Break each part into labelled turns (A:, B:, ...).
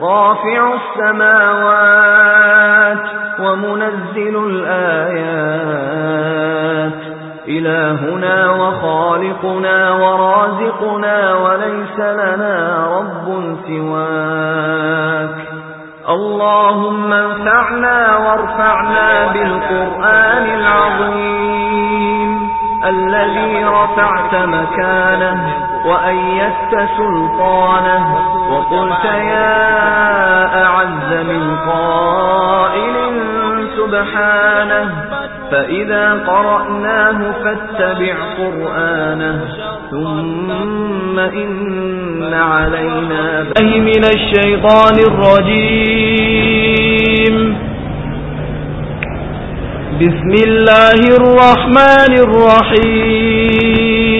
A: رافع السماوات ومنزل الآيات إلهنا وخالقنا ورازقنا وليس لنا رب سواك اللهم انفعنا وارفعنا بالقرآن العظيم الذي رفعت مكانه وأيدت سلطانه وقلت يا أعز من قائل سبحانه فإذا قرأناه فاتبع قرآنه ثم إن علينا به من الشيطان الرجيم بسم الله الرحمن الرحيم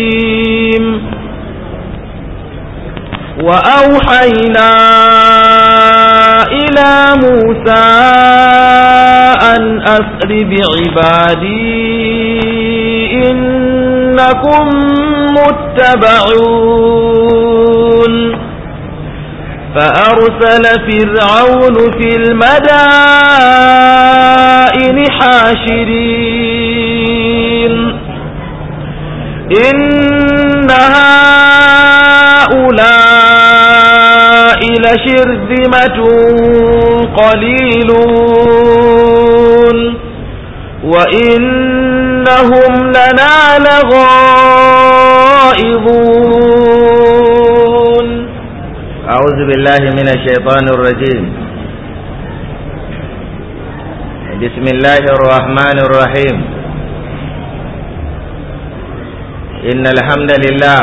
A: وأوحينا إلى موسى أن أسر بعبادي إنكم متبعون فأرسل فرعون في المدائن حاشرين إن هؤلاء شرذمة قليلون وإنهم لنا لغائظون
B: أعوذ بالله من الشيطان الرجيم بسم الله الرحمن الرحيم إن الحمد لله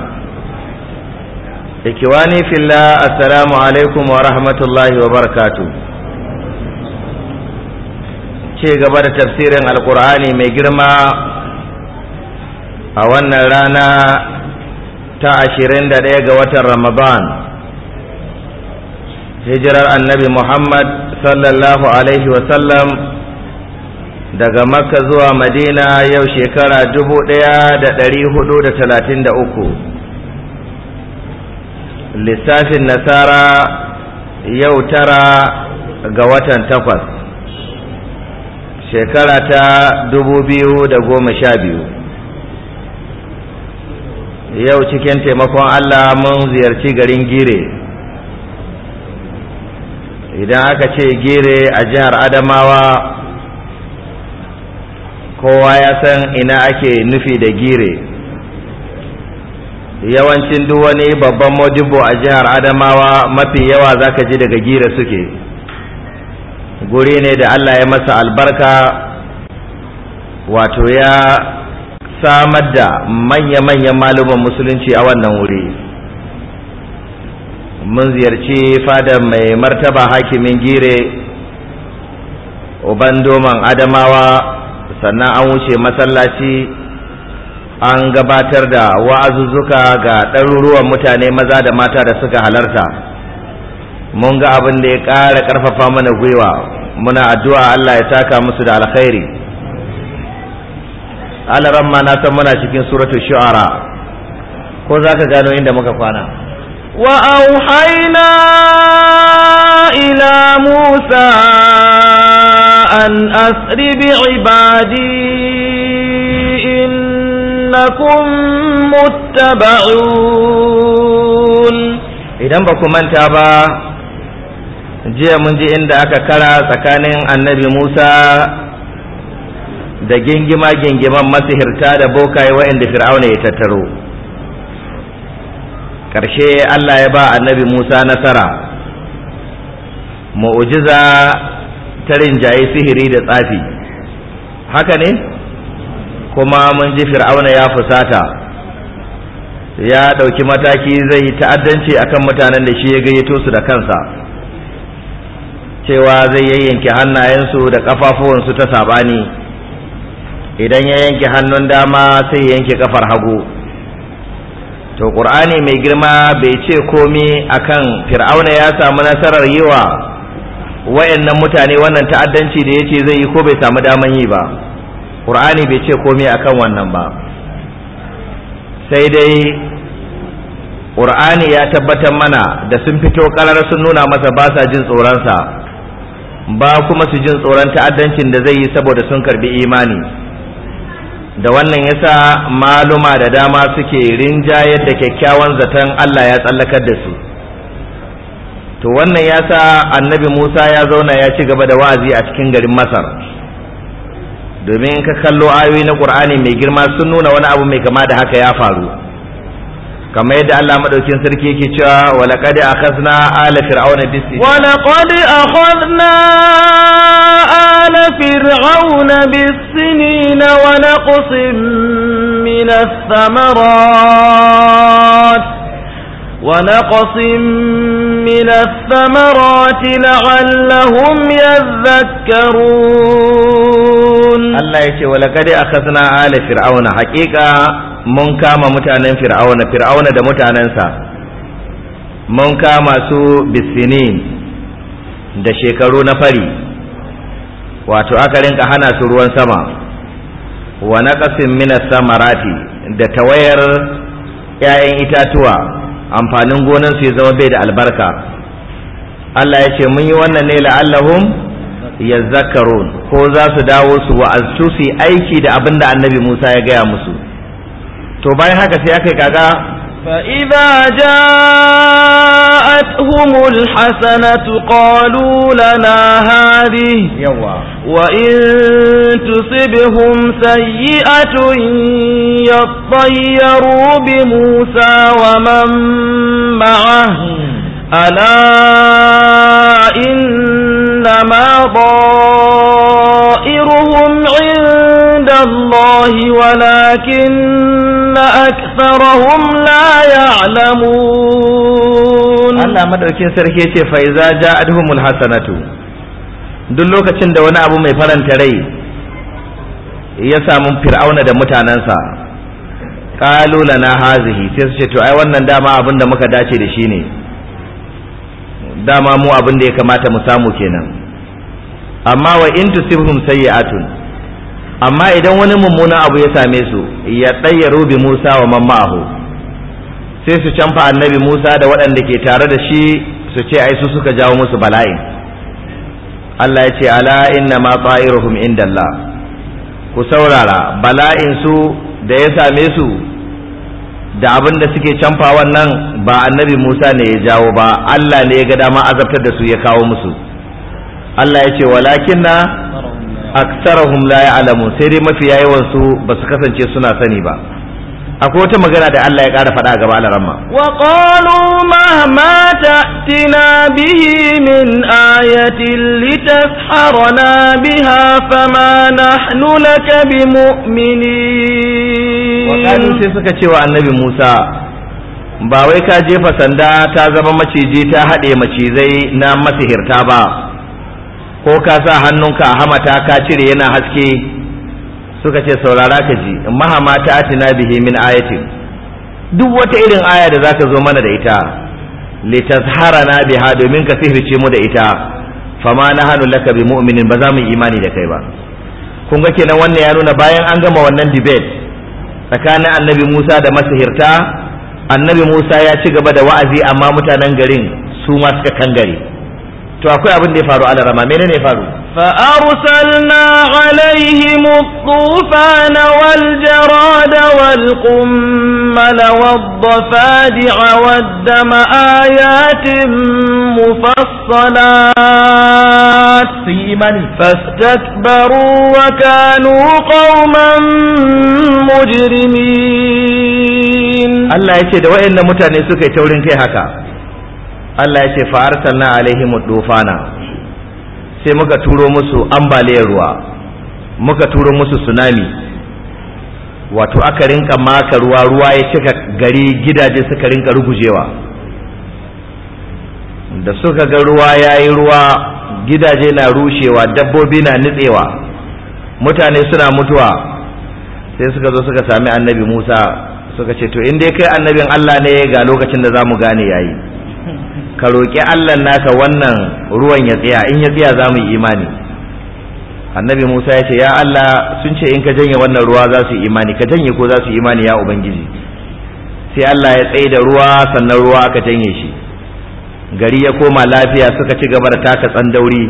B: ikiwani filla assalamu alaikum wa rahmatullahi wa barakatu ce gaba da tafsirin alkur'ani mai girma a wannan rana ta ashirin da ɗaya ga watan ramadan hijirar annabi muhammad sallallahu alaihi sallam, daga makka zuwa madina yau shekara dubu ɗaya da ɗari huɗu da talatin da uku lissafin nasara yau tara ga watan takwas shekara ta dubu biyu da goma sha biyu yau cikin taimakon allah mun ziyarci garin gire idan aka ce gire a jihar adamawa kowa ya san ina ake nufi da gire yawancin duk wani babban modibo a jihar adamawa mafi yawa zaka ji daga gira suke guri ne da allah ya masa albarka wato ya samar da manya-manyan malaman musulunci a wannan wuri mun ziyarci fada mai martaba hakimin gire uban doman adamawa sannan an wuce masallaci an gabatar da wa'azuzzuka ga ɗaruruwan mutane maza da mata da suka halarta mun ga abin da ya ƙara ƙarfafa mana gwiwa muna addu'a Allah ya taka musu da alkhairi alaran ma na san muna cikin suratu shu'ara ko za ka gano inda muka kwana
A: wa'auhaina ila musa an asri bi ibadi innakum muttaba'un idan ba ku manta
B: ba jiya mun ji inda aka kara tsakanin annabi Musa da gingima gingiman masihirta da bokaye wa'inda fir'auna ya tattaro ƙarshe Allah ya ba annabi Musa nasara mu'ujiza ta rinjaye sihiri da tsafi haka ne kuma mun ji fir'auna ya fusata ya ɗauki mataki zai yi ta'addanci akan mutanen da shi ya gayyato su da kansa cewa zai yayyanke hannayensu da ƙafafuwansu ta sabani idan ya yanke hannun dama sai ya yanke ƙafar hagu to ƙur'ani mai girma bai ce komai akan fir'auna ya samu nasarar yiwa wa wayannan mutane wannan ta'addanci da ya ce zai yi ko bai samu daman yi ba ƙur'ani bai ce komai akan wannan ba sai dai ƙur'ani ya tabbatar mana da sun fito ƙarar sun nuna masa ba sa jin tsoronsa ba kuma su jin tsoron ta'addancin da zai yi saboda sun karbi imani da wannan yasa maluma da dama suke rinjayar da kyakkyawan zaton Allah ya tsallakar da su to wannan yasa annabi Musa ya zauna ya ci gaba da wa'azi a cikin garin Masar domin ka kallo ayoyi na qur'ani mai girma sun nuna wani abu mai kama da haka ya faru kamar yadda Allah madaukin sarki yake cewa wa laqad akhadna ala fir'auna bisin wa
A: laqad akhadna ala fir'auna bisinina wa naqsim min ath-thamarat ونقص من الثمرات لعلهم يذكرون الله يشي ولقد أخذنا آل فرعون حقيقة
B: من كام متانا فرعون فرعون دا متانا من كام سوء بالسنين دا شكرون فري واتو wato aka سروان سما ونقص من الثمرات wa naqasin min da tawayar 'ya'yan itatuwa amfanin gonan su ya zama bai da albarka Allah ya ce mun yi wannan ne la'allahum zakaru. ko za su dawo su wa su aiki da abin da annabi Musa ya gaya musu to bayan haka sai aka yi kaga
A: فإذا جاءتهم الحسنة قالوا لنا هذه وإن تصبهم سيئة يطيروا بموسى ومن معه ألا إنما ضائرهم عند الله ولكن أكثرهم لا يعلمون الله
B: مدركين سرحية فإذا جاءتهم الحسنة duk lokacin da wani abu mai faranta rai ya samu fir'auna da mutanensa ƙalula lana hazihi sai su ce to ai wannan dama abin da muka dace da shi ne dama mu abin da ya kamata mu samu kenan amma wa in tusibhum sayyi'atun amma idan wani mummunan abu ya same su ya tsayyaru bi Musa wa man ma'ahu sai su canfa annabi Musa da waɗanda ke tare da shi su ce ai su suka jawo musu bala'in Allah ya ce ala inna ma ta'iruhum indallah ku saurara bala'in su da ya same su da abin da suke canfa wannan ba annabi Musa ne ya jawo ba Allah ne ya ga dama azabtar da su ya kawo musu Allah ya ce walakinna aktsarahum la ya'lamu sai dai mafiya yawan su ba su kasance suna sani ba akwai wata magana da Allah ya ƙara faɗa a gaba alaramma
A: ma ma ta tina bihi min ayatin litasharana biha fama ka bi bimu'minin wa Wakanu sai
B: suka cewa annabi Musa ba wai ka jefa sanda ta zama maciji ta haɗe macizai na masihirta ba ko ka sa hannunka a hamata ka cire yana haske suka ce saurara ka ji mahama ta atina bihi min ayati duk wata irin aya da zaka zo mana da ita litazharana biha domin ka sihirce mu da ita fama nahanu laka bi mu'minin ba za mu imani da kai ba kun ga kenan wannan ya nuna bayan an gama wannan debate tsakanin annabi Musa da masihirta annabi Musa ya ci gaba da wa'azi amma mutanen garin su ma suka kangare to akwai abin da ya faru alarama menene ya faru
A: فأرسلنا عليهم الطوفان والجراد والقمل والضفادع والدم آيات مفصلات فاستكبروا وكانوا قوما مجرمين
B: الله يشهد da waɗanda mutane suka yi taurin kai haka Allah ya ce fa arsalna alaihim dufana sai muka turo musu ambaliyar ruwa muka turo musu tsunami wato aka rinka maka ruwa ruwa ya cika gari gidaje suka rinka rugujewa da suka ga ruwa ya yi ruwa gidaje na rushewa dabbobi na nitsewa mutane suna mutuwa sai suka zo suka sami annabi musa suka ce to inda dai kai annabin allah ne ga lokacin da za mu gane yayi ka roƙi Allah naka wannan ruwan ya tsaya in ya tsaya za mu yi imani annabi Musa ya ce ya Allah sun ce in ka janye wannan ruwa za su yi imani ka janye ko za su yi imani ya ubangiji sai Allah ya tsaye da ruwa sannan ruwa aka janye shi gari ya koma lafiya suka ci gaba da taka tsandauri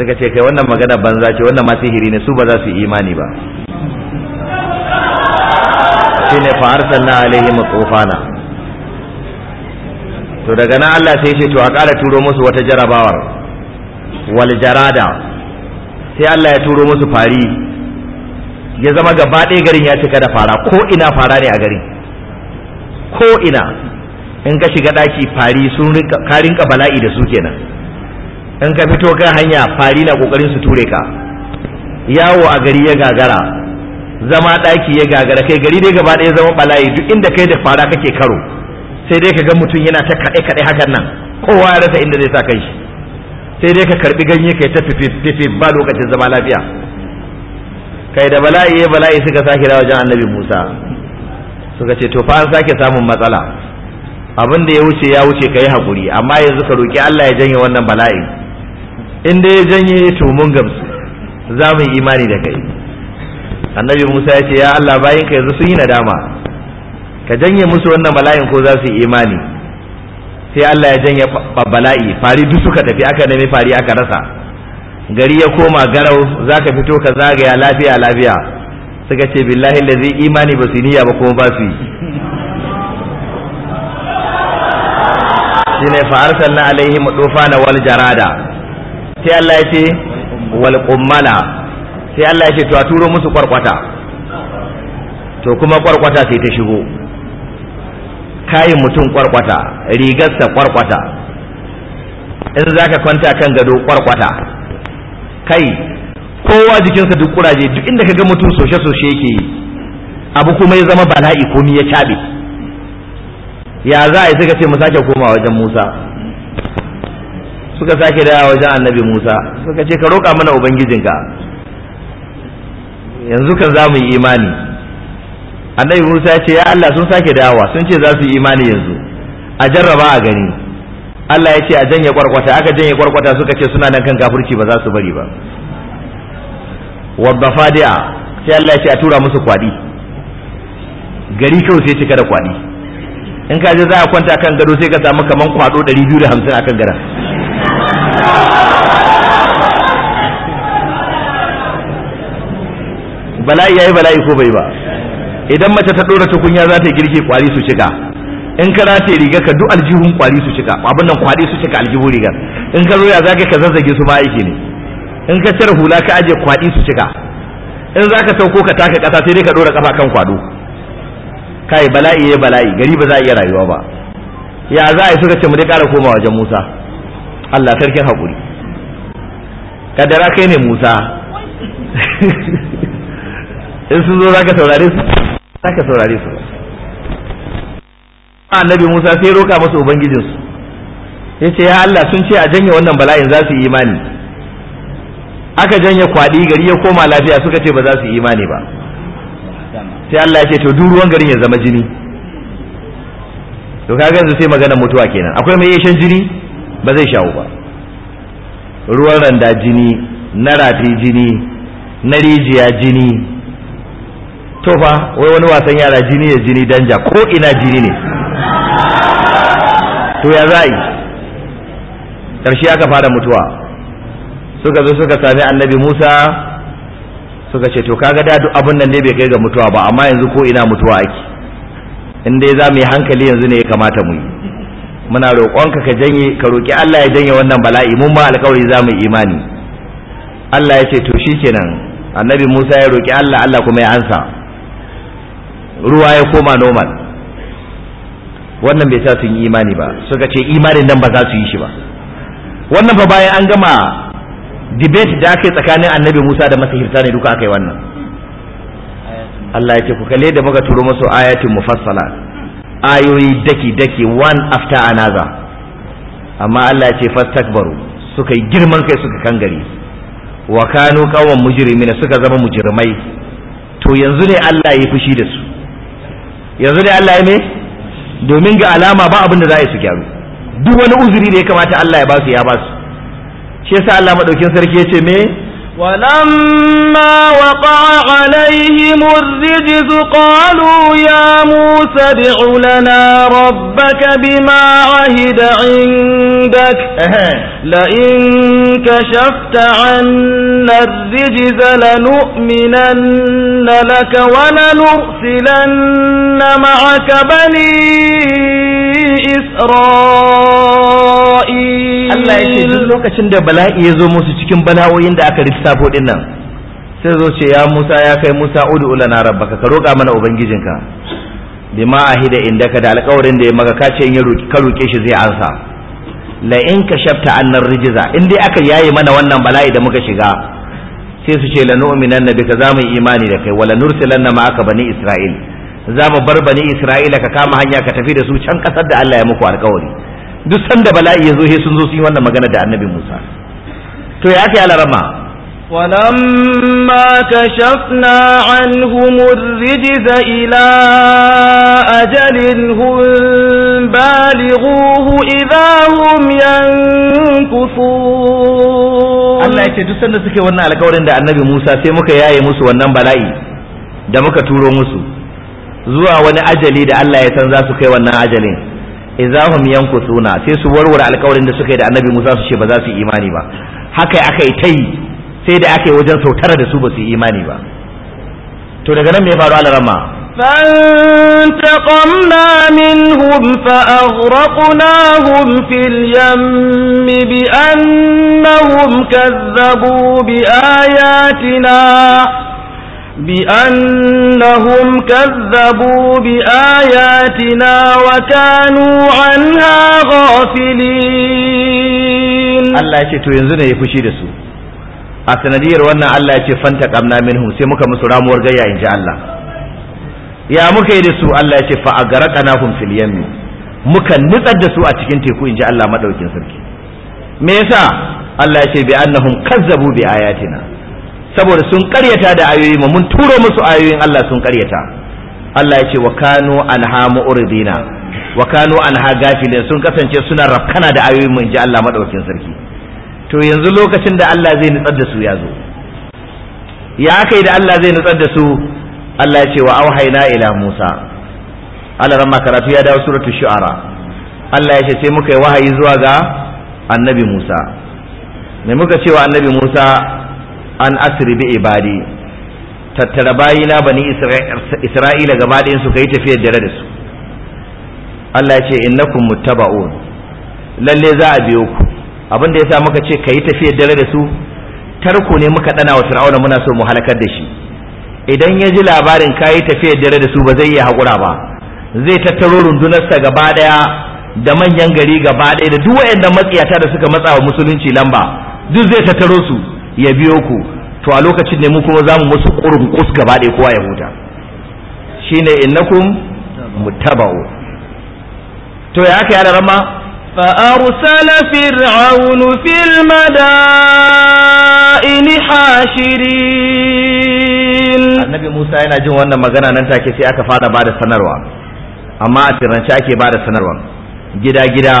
B: suka ce kai wannan magana banza ce wannan ma hiri ne su ba za su yi imani ba shine fa arsalna alaihim tufana to daga nan Allah sai ce to a ƙara turo musu wata jarabawar wal jarada sai Allah ya turo musu fari ya zama gaba ɗaya garin ya cika da fara ko ina fara ne a garin ko ina in ka shiga ɗaki fari sun ka rinka bala'i da su kenan in ka fito kan hanya fari na ƙoƙarin su ture ka yawo a gari ya gagara zama ɗaki ya gagara kai gari dai gaba ɗaya zama bala'i duk inda kai da fara kake karo sai dai ka ga mutum yana ta kaɗe kaɗe hakan nan kowa ya rasa inda zai sa kai sai dai ka karbi ganye kai ta fifi ba lokacin zama lafiya kai da bala'i ya bala'i suka sake dawo wajen annabi Musa suka ce to fa an sake samun matsala abin da ya wuce ya wuce kai hakuri amma yanzu ka roki Allah ya janye wannan balai in dai ya janye to mun gamsu za mu yi imani da kai annabi Musa ya ce ya Allah bayin ka yanzu sun yi nadama ka janye musu wannan bala'in ko za su yi imani sai Allah ya janye bala'i fari duk suka tafi aka nemi fari aka rasa gari ya koma garau za ka fito ka zagaya lafiya lafiya suka ce billahi lazi imani ba su niyya ba kuma ba su yi shine fa alaihi alaihim na wal jarada sai Allah ya ce wal qummala sai Allah ya ce to a turo musu kwarkwata to kuma kwarkwata sai ta shigo kayin mutum kwarkwata rigarsa kwarkwata in za ka kwanta kan gado kwarkwata kai kowa jikinsa duk kuraje duk inda ka ga mutum soshe-soshe yake yi abu kuma ya zama bala'i komi ya cabe ya za a yi suka ce mu sake koma wajen musa suka sake da wajen annabi musa suka ce ka roƙa mana ubangijinka yanzu kan za mu yi imani annabi Musa ya ce ya Allah sun sake dawowa sun ce za su yi imani yanzu a jarraba a gani Allah ya ce a janye kwarkwata aka janye kwarkwata suka ce suna nan kan kafirci ba za su bari ba wadda fadiya sai Allah ya ce a tura musu kwadi gari kawai sai cika da kwadi in ka je za a kwanta kan gado sai ka samu kaman kwado 250 akan gara
C: bala'i yayi bala'i
B: ko bai ba idan mace ta dora tukunya za ta yi girki kwari su cika in ka rataye riga ka duk aljihun kwari su cika abin nan kwari su cika aljihun rigar in ka zo ya zaka ka zazzage su ba aiki ne in ka cire hula ka aje kwari su cika in zaka sauko ka taka kasa sai dai ka dora kafa kan kwado kai bala'i ya bala'i gari ba za a iya rayuwa ba ya za a yi suka ce mu dai ƙara koma wajen Musa Allah sarkin Hakuri. kadara kai ne Musa in sun zo za ka saurare su saka saurare su annabi Musa sai roka masa ubangijinsu ce ya Allah sun ce a janye wannan bala'in za su yi imani aka janye kwadi gari ya koma lafiya suka ce ba za su yi imani ba sai Allah ya ce to duk ruwan garin ya zama jini to kaga su sai magana mutuwa kenan akwai mai yashan jini ba zai shawo ba ruwan randa jini na rafi jini na rijiya jini to fa wai wani wasan yara jini ya jini danja ko ina jini ne to ya za yi aka fara mutuwa suka zo suka sami annabi musa suka ce to kaga da duk abin nan ne bai kai ga mutuwa ba amma yanzu ko ina mutuwa ake in dai za mu yi hankali yanzu ne ya kamata mu yi muna roƙonka ka janye ka roƙi Allah ya janye wannan bala'i mun ba alƙawari za mu yi imani Allah ya ce to shikenan annabi Musa ya roƙi Allah Allah kuma ya ansa ruwa ya koma normal wannan bai sa sun yi imani ba suka ce imanin nan ba za su yi shi ba wannan fa bayan an gama debate da aka yi tsakanin annabi musa da masahirta ne duka aka yi wannan Allah ya ce ku kale da muka turo masu ayatin mufassala ayoyi daki daki one after another amma Allah ya ce fastakbaru suka yi girman kai suka kangare wa kanu mujirmi mujrimina suka zama mujirmai to yanzu ne Allah ya fushi da su yanzu dai Allah ya me domin ga alama ba abin da za a yi su gyaru duk wani uzuri da ya kamata Allah ya ba su ya ba su shi yasa Allah madaukin sarki ya ce me
A: ولما وقع عليهم الرجز قالوا يا موسى ادع لنا ربك بما عهد عندك لئن كشفت عنا الرجز لنؤمنن لك ولنرسلن معك بني إسرائيل
B: Allah ya ce duk lokacin da bala'i ya zo musu cikin bala'o'in da aka rufe lissafo din nan sai zo ce ya Musa ya kai Musa ud'u na rabbaka ka roƙa mana ubangijinka bima ahida indaka da alƙawarin da ya maka ka ce in ka roƙe shi zai ansa la in kashafta annar rijiza in dai aka yaye mana wannan bala'i da muka shiga sai su ce la nabi ka za mu imani da kai wala nursilanna ma'aka bani isra'il za mu bar bani isra'ila ka kama hanya ka tafi da su can kasar da Allah ya muku alƙawari duk sanda bala'i ya zo sai sun zo su yi wannan magana da annabi Musa to ya kai alarama
A: ولما كشفنا عنهم الرجز إلى أجل هم بالغوه إذا هم ينكثون Allah ya
B: ce duk sanda suke wannan alkawarin da annabi Musa sai muka yaye musu wannan bala'i da muka turo musu zuwa wani ajali da Allah ya san za su kai wannan ajalin idza hum yankusuna sai su warware alkawarin da suka yi da annabi Musa su ce ba za su imani ba haka akai tai sai da aka yi wajen
A: sautar da su basu
B: yi imani ba to daga nan mai faru alarama
A: fantaqamna minhum fa aghraqnahum fil yamm bi annahum kazzabu bi ayatina bi annahum kazzabu bi ayatina wa kanu anha ghafilin
B: Allah yake to yanzu ne yafi shi da su a sanadiyar wannan Allah ya ce fanta kamna minhum sai muka musu ramuwar gayya in ji Allah ya muka yi da su Allah ya ce fa agarqanahum fil yammi muka nutsar da su a cikin teku in ji Allah madaukin sarki me yasa Allah ya ce bi annahum kazzabu bi ayatina saboda sun karyata da ayoyi mu mun turo musu ayoyin Allah sun karyata Allah ya ce wa kanu anha mu'ridina wa kanu anha gafilin sun kasance suna rafkana da ayoyin mu in ji Allah madaukin sarki to yanzu lokacin da Allah zai nutsar da su ya zo ya kai da Allah zai nutsar da su Allah ya ce wa auhayna ila Musa Allah ramma karatu ya dawo suratu shu'ara Allah ya ce sai muka yi wahayi zuwa ga annabi Musa mai muka cewa annabi Musa an asri bi ibadi tattara bayina bani Isra'ila gaba ɗayan su kai tafiyar dare da su Allah ya ce innakum muttaba'un lalle za a biyo ku abin da yasa muka ce kayi tafiyar dare da su tarko ne muka dana wa fir'auna muna so mu halakar da shi idan ya ji labarin yi tafiyar dare da su ba zai yi hakura ba zai tattaro rundunarsa gaba daya da manyan gari gaba daya da duk waɗanda matsiyata da suka matsa wa musulunci lamba duk zai tattaro su ya biyo ku to a lokacin ne mu kuma za mu musu ƙurin kus gaba ɗaya kowa ya huta shine innakum muttaba'u
A: to ya aka yara فأرسل فرعون في المدائن
B: حاشرين النبي موسى yana jin wannan magana nan take sai aka fara bada sanarwa amma a tirance ake bada sanarwa gida gida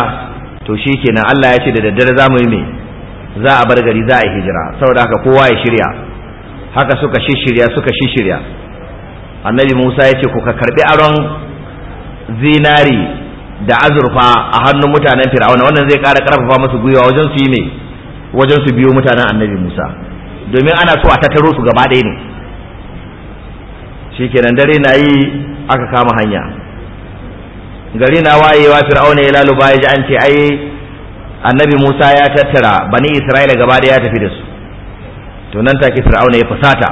B: to shikenan Allah ya ce da daddare za mu yi me za a bar gari za a yi hijira saboda haka kowa ya shirya haka suka shishirya suka shishirya annabi Musa ya ce ku ka karbi aron zinari da azurfa a hannun mutanen fir'auna wannan zai ƙara ƙarfafa musu gwiwa wajen su yi ne wajen su biyo mutanen annabi musa domin ana so a tattaro su gaba ɗaya ne shikenan dare na yi aka kama hanya gari na wayewa fir'auna ya laluba ya ji an ce ai annabi musa ya tattara bani isra'ila gaba ɗaya ya tafi da su to nan take fir'auna ya fusata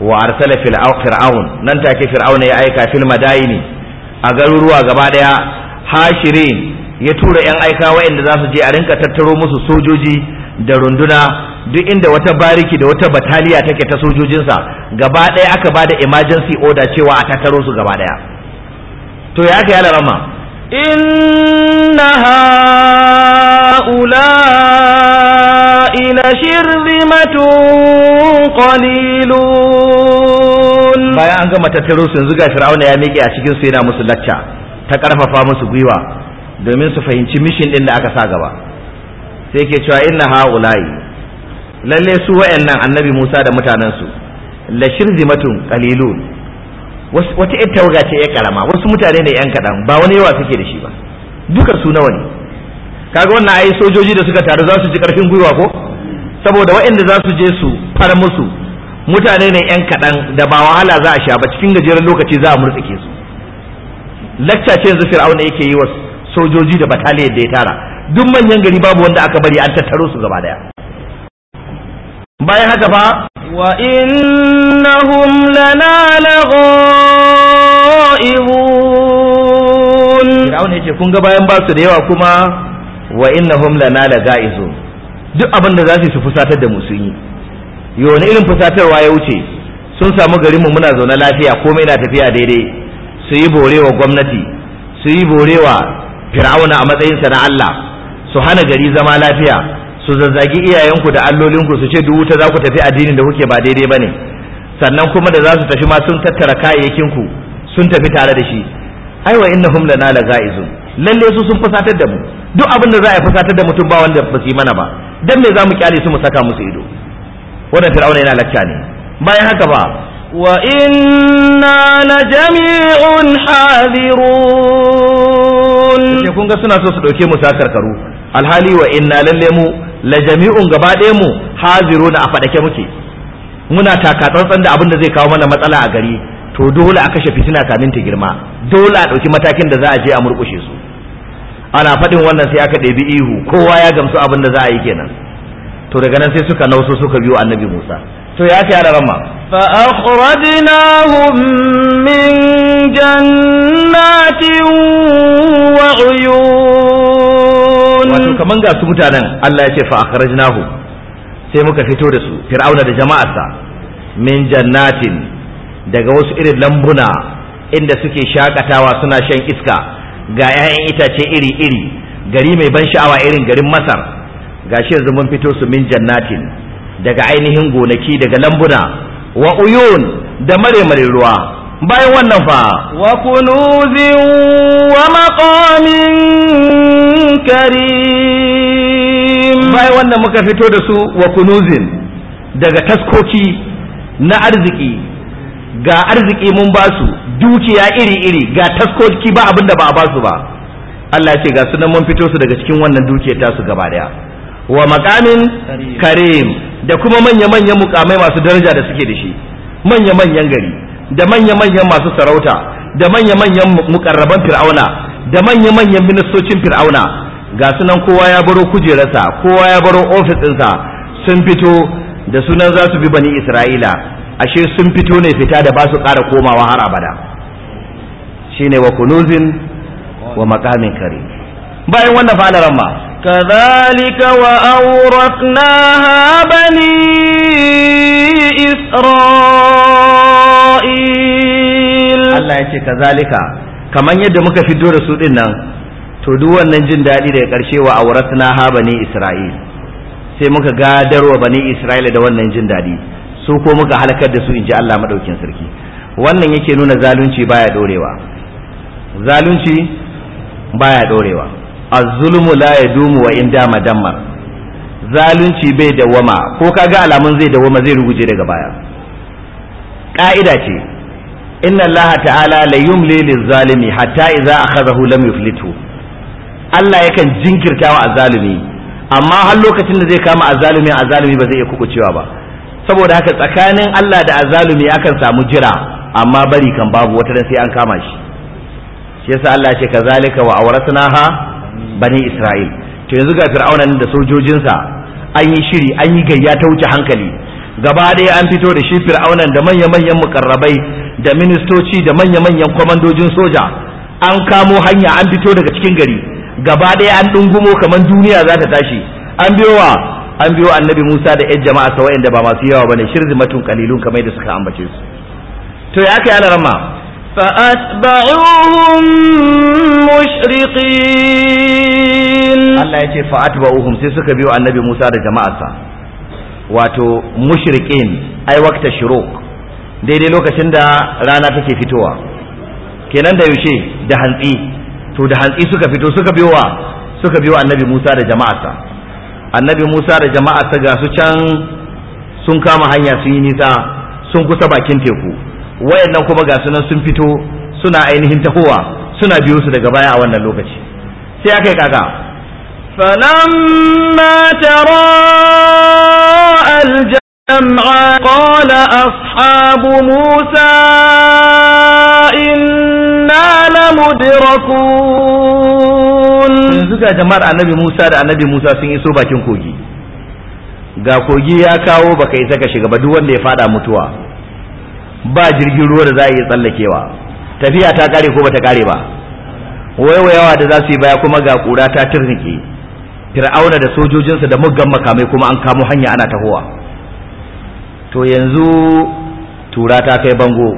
B: wa arsala fir'aun nan take fir'auna ya aika fil madaini a garuruwa gaba daya hashirin ya tura yan aika waɗanda za su je a rinka tattaro musu sojoji da runduna duk inda wata bariki da wata bataliya take ta sojojinsa gaba daya aka bada emergency order cewa a tattaro su gaba daya to ya aka yi alarama
A: إن ila لشرذمة qalilun bayan
B: an gama tattaro su yanzu ga fir'auna ya miƙe a cikin su yana musu lacca ta karfafa musu gwiwa domin su fahimci mishin ɗin da aka sa gaba sai ke cewa inna haula'i lalle su wayannan annabi Musa da mutanen su la shirzimatun qalilun wata ita tawaga ce ya karama wasu mutane ne yan kadan ba wani yawa suke da shi ba duka su nawa ne kaga wannan ai sojoji da suka taru za su ji karfin gwiwa ko saboda waɗanda za su je su far musu mutane ne yan kaɗan da ba wahala za a sha ba cikin gajeren lokaci za a murtsike su Lacca ce yanzu fir'auna yake yi wa sojoji da bataliyar da ya tara duk manyan gari babu wanda aka bari an tattaro su gaba daya
A: bayan haka ba. wa innahum lana laghaibun fir'auna
B: yake kun ga bayan basu da yawa kuma wa innahum lana lagha'izun duk abin da za su fusatar da mu yi yau irin fusatarwa ya wuce sun samu garinmu muna zaune lafiya komai na tafiya daidai su yi borewa gwamnati su yi borewa fir'auna a matsayinsa na Allah su hana gari zama lafiya su zazzagi iyayenku da allolinku su ce duk wuta za ku tafi addinin da kuke ba daidai bane sannan kuma da za su tafi ma sun tattara kayayyakinku sun tafi tare da shi ai wa innahum lana laga'izun lalle su sun fusatar da mu duk abin da za a fusatar da mutum ba wanda ba su yi mana ba dan me za mu kyale su mu saka musu ido wannan fir'auna yana lacca ne bayan haka ba
A: wa inna la jami'un
B: hadirun sai kun ga suna so su dauke mu sakarkaru alhali wa inna lalle mu la jami'un gaba ɗaya mu hadirun a fadake muke muna takatsantsan da abin da zai kawo mana matsala a gari to dole a kashe fitina kamin ta girma dole a ɗauki matakin da za a je a murkushe su ana faɗin wannan sai aka ɗebi ihu kowa ya gamsu abin da za a yi kenan to daga nan sai suka nauso suka biyo annabi Musa to ya ce ala ramma
A: fa akhrajnahum min jannatin wa uyun
B: wato kaman ga su mutanen Allah ya ce fa akhrajnahum sai muka fito da su fir'auna da jama'arsa min jannatin daga wasu irin lambuna inda suke shakatawa suna shan iska ga 'ya'yan itace iri-iri gari mai ban sha'awa irin garin masar gashi yanzu mun fito su min jannatin daga ainihin gonaki daga lambuna wa uyun da mare ruwa bayan wannan fa
A: wa kunuzin wa maqamin karim bayan wannan
B: muka fito da su wa kunuzin daga taskoki na arziki ga arziki mun ba su dukiya iri-iri ga taskoki ba da ba a ba su ba Allah ce ga sunan mun fito su daga cikin wannan ta tasu gaba daya wa makamin karim da kuma manya-manyan mukamai masu daraja da suke da shi manya-manyan gari da manya-manyan masu sarauta da manya-manyan mukarraban fir'auna da manya-manyan ministocin fir'auna ga sunan kowa ya baro kujerarsa kowa ya baro ofis ɗinsa sun fito da sunan za su bi bani isra'ila ashe sun fito ne fita da ba su ƙara komawa har abada shine wa kunuzin wa makamin karim bayan wannan fa'alaran ma
A: كذلك وأورثناها بني إسرائيل الله يكي كذلك
B: كما يد مكفي دور سودنا to duk wannan jin daɗi daga ƙarshe wa auratna ha isra'il sai muka gadar wa bani isra'ila da wannan jin daɗi su ko muka halakar da su in ji Allah maɗaukin sarki wannan yake nuna zalunci baya ɗorewa zalunci baya ɗorewa az-zulmu la yadumu wa in dama dammar zalunci bai dawama ko ka ga alamun zai dawama zai ruguje daga baya ka'ida ce inna allaha ta'ala la yumli liz-zalimi hatta idza akhadhahu lam yuflitu Allah yakan jinkirta wa azzalimi amma har lokacin da zai kama azzalumi azzalumi ba zai iya kukucewa ba saboda haka tsakanin Allah da azzalumi akan samu jira amma bari kan babu wata dan sai an kama shi shi yasa Allah ce kazalika wa awratnaha bani isra'il to yanzu ga fir'auna da sojojinsa an yi shiri an yi gayya ta wuce hankali gaba ɗaya an fito da shi fir'auna da manya-manyan mukarrabai da ministoci da manya-manyan kwamandojin soja an kamo hanya an fito daga cikin gari gaba ɗaya an ɗungumo kamar duniya za ta tashi an biyo wa? an biyo annabi Musa da ƴan jama'a sa wanda ba masu yawa bane shirzi matun kalilun kamar da suka ambace su
A: to ya kai alarama فأتبعوهم مشرقين الله يتي
B: فأتبعوهم سيسك بيو النبي موسى جماعة واتو مشرقين أي وقت الشروق daidai lokacin da rana take fitowa kenan da yaushe da hantsi to da hantsi suka fito suka biyo wa annabi Musa da jama'arsa annabi Musa da jama'arsa ga su can sun kama hanya sun yi nisa sun kusa bakin teku wayannan kuma ga sunan sun fito suna ainihin tahowa suna biyo su daga baya a wannan lokaci sai aka yi kaka
A: فلما تراءى الجمع قال أصحاب موسى إنا لمدركون
B: suka jama'ar annabi Musa da annabi Musa sun iso bakin kogi ga kogi ya kawo baka isa ka shiga ba duk wanda ya fada mutuwa ba jirgin ruwa da za a iya tsallakewa tafiya ta kare ko bata kare ba waiwayawa da za su yi baya kuma ga kura ta tirnike fir'auna da sojojinsa da muggan makamai kuma an kamo hanya ana tahowa to yanzu tura ta kai bango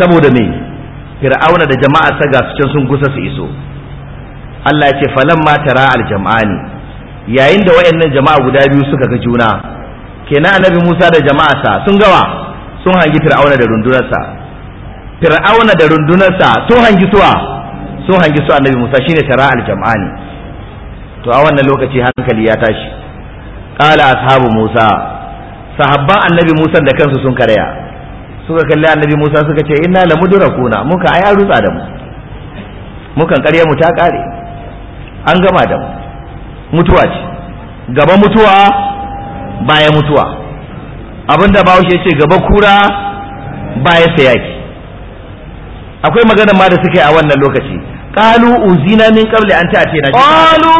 B: saboda me fir'auna da jama'a saga su can sun gusa su iso Allah ya ce falamma tara aljam'ani yayin da wayannan jama'a guda biyu suka ga juna kenan annabi Musa da jama'arsa sun gawa sun hangi fir'auna da rundunarsa fir'auna da rundunarsa sun hangi suwa sun hangi su annabi Musa shine tara al ne. to a wannan lokaci hankali ya tashi qala ashabu Musa sahabban annabi Musa da kansu sun karaya suka kalli annabi Musa suka ce inna lamudrakuna muka ai an rutsa da mu mukan karya mu ta kare an gama da mu mutuwa ce gaba mutuwa baya mutuwa abinda bahaushe ce gaba kura ba ya baya yaki akwai magana ma da suka a wannan lokaci qalu uzina min qabli an na qalu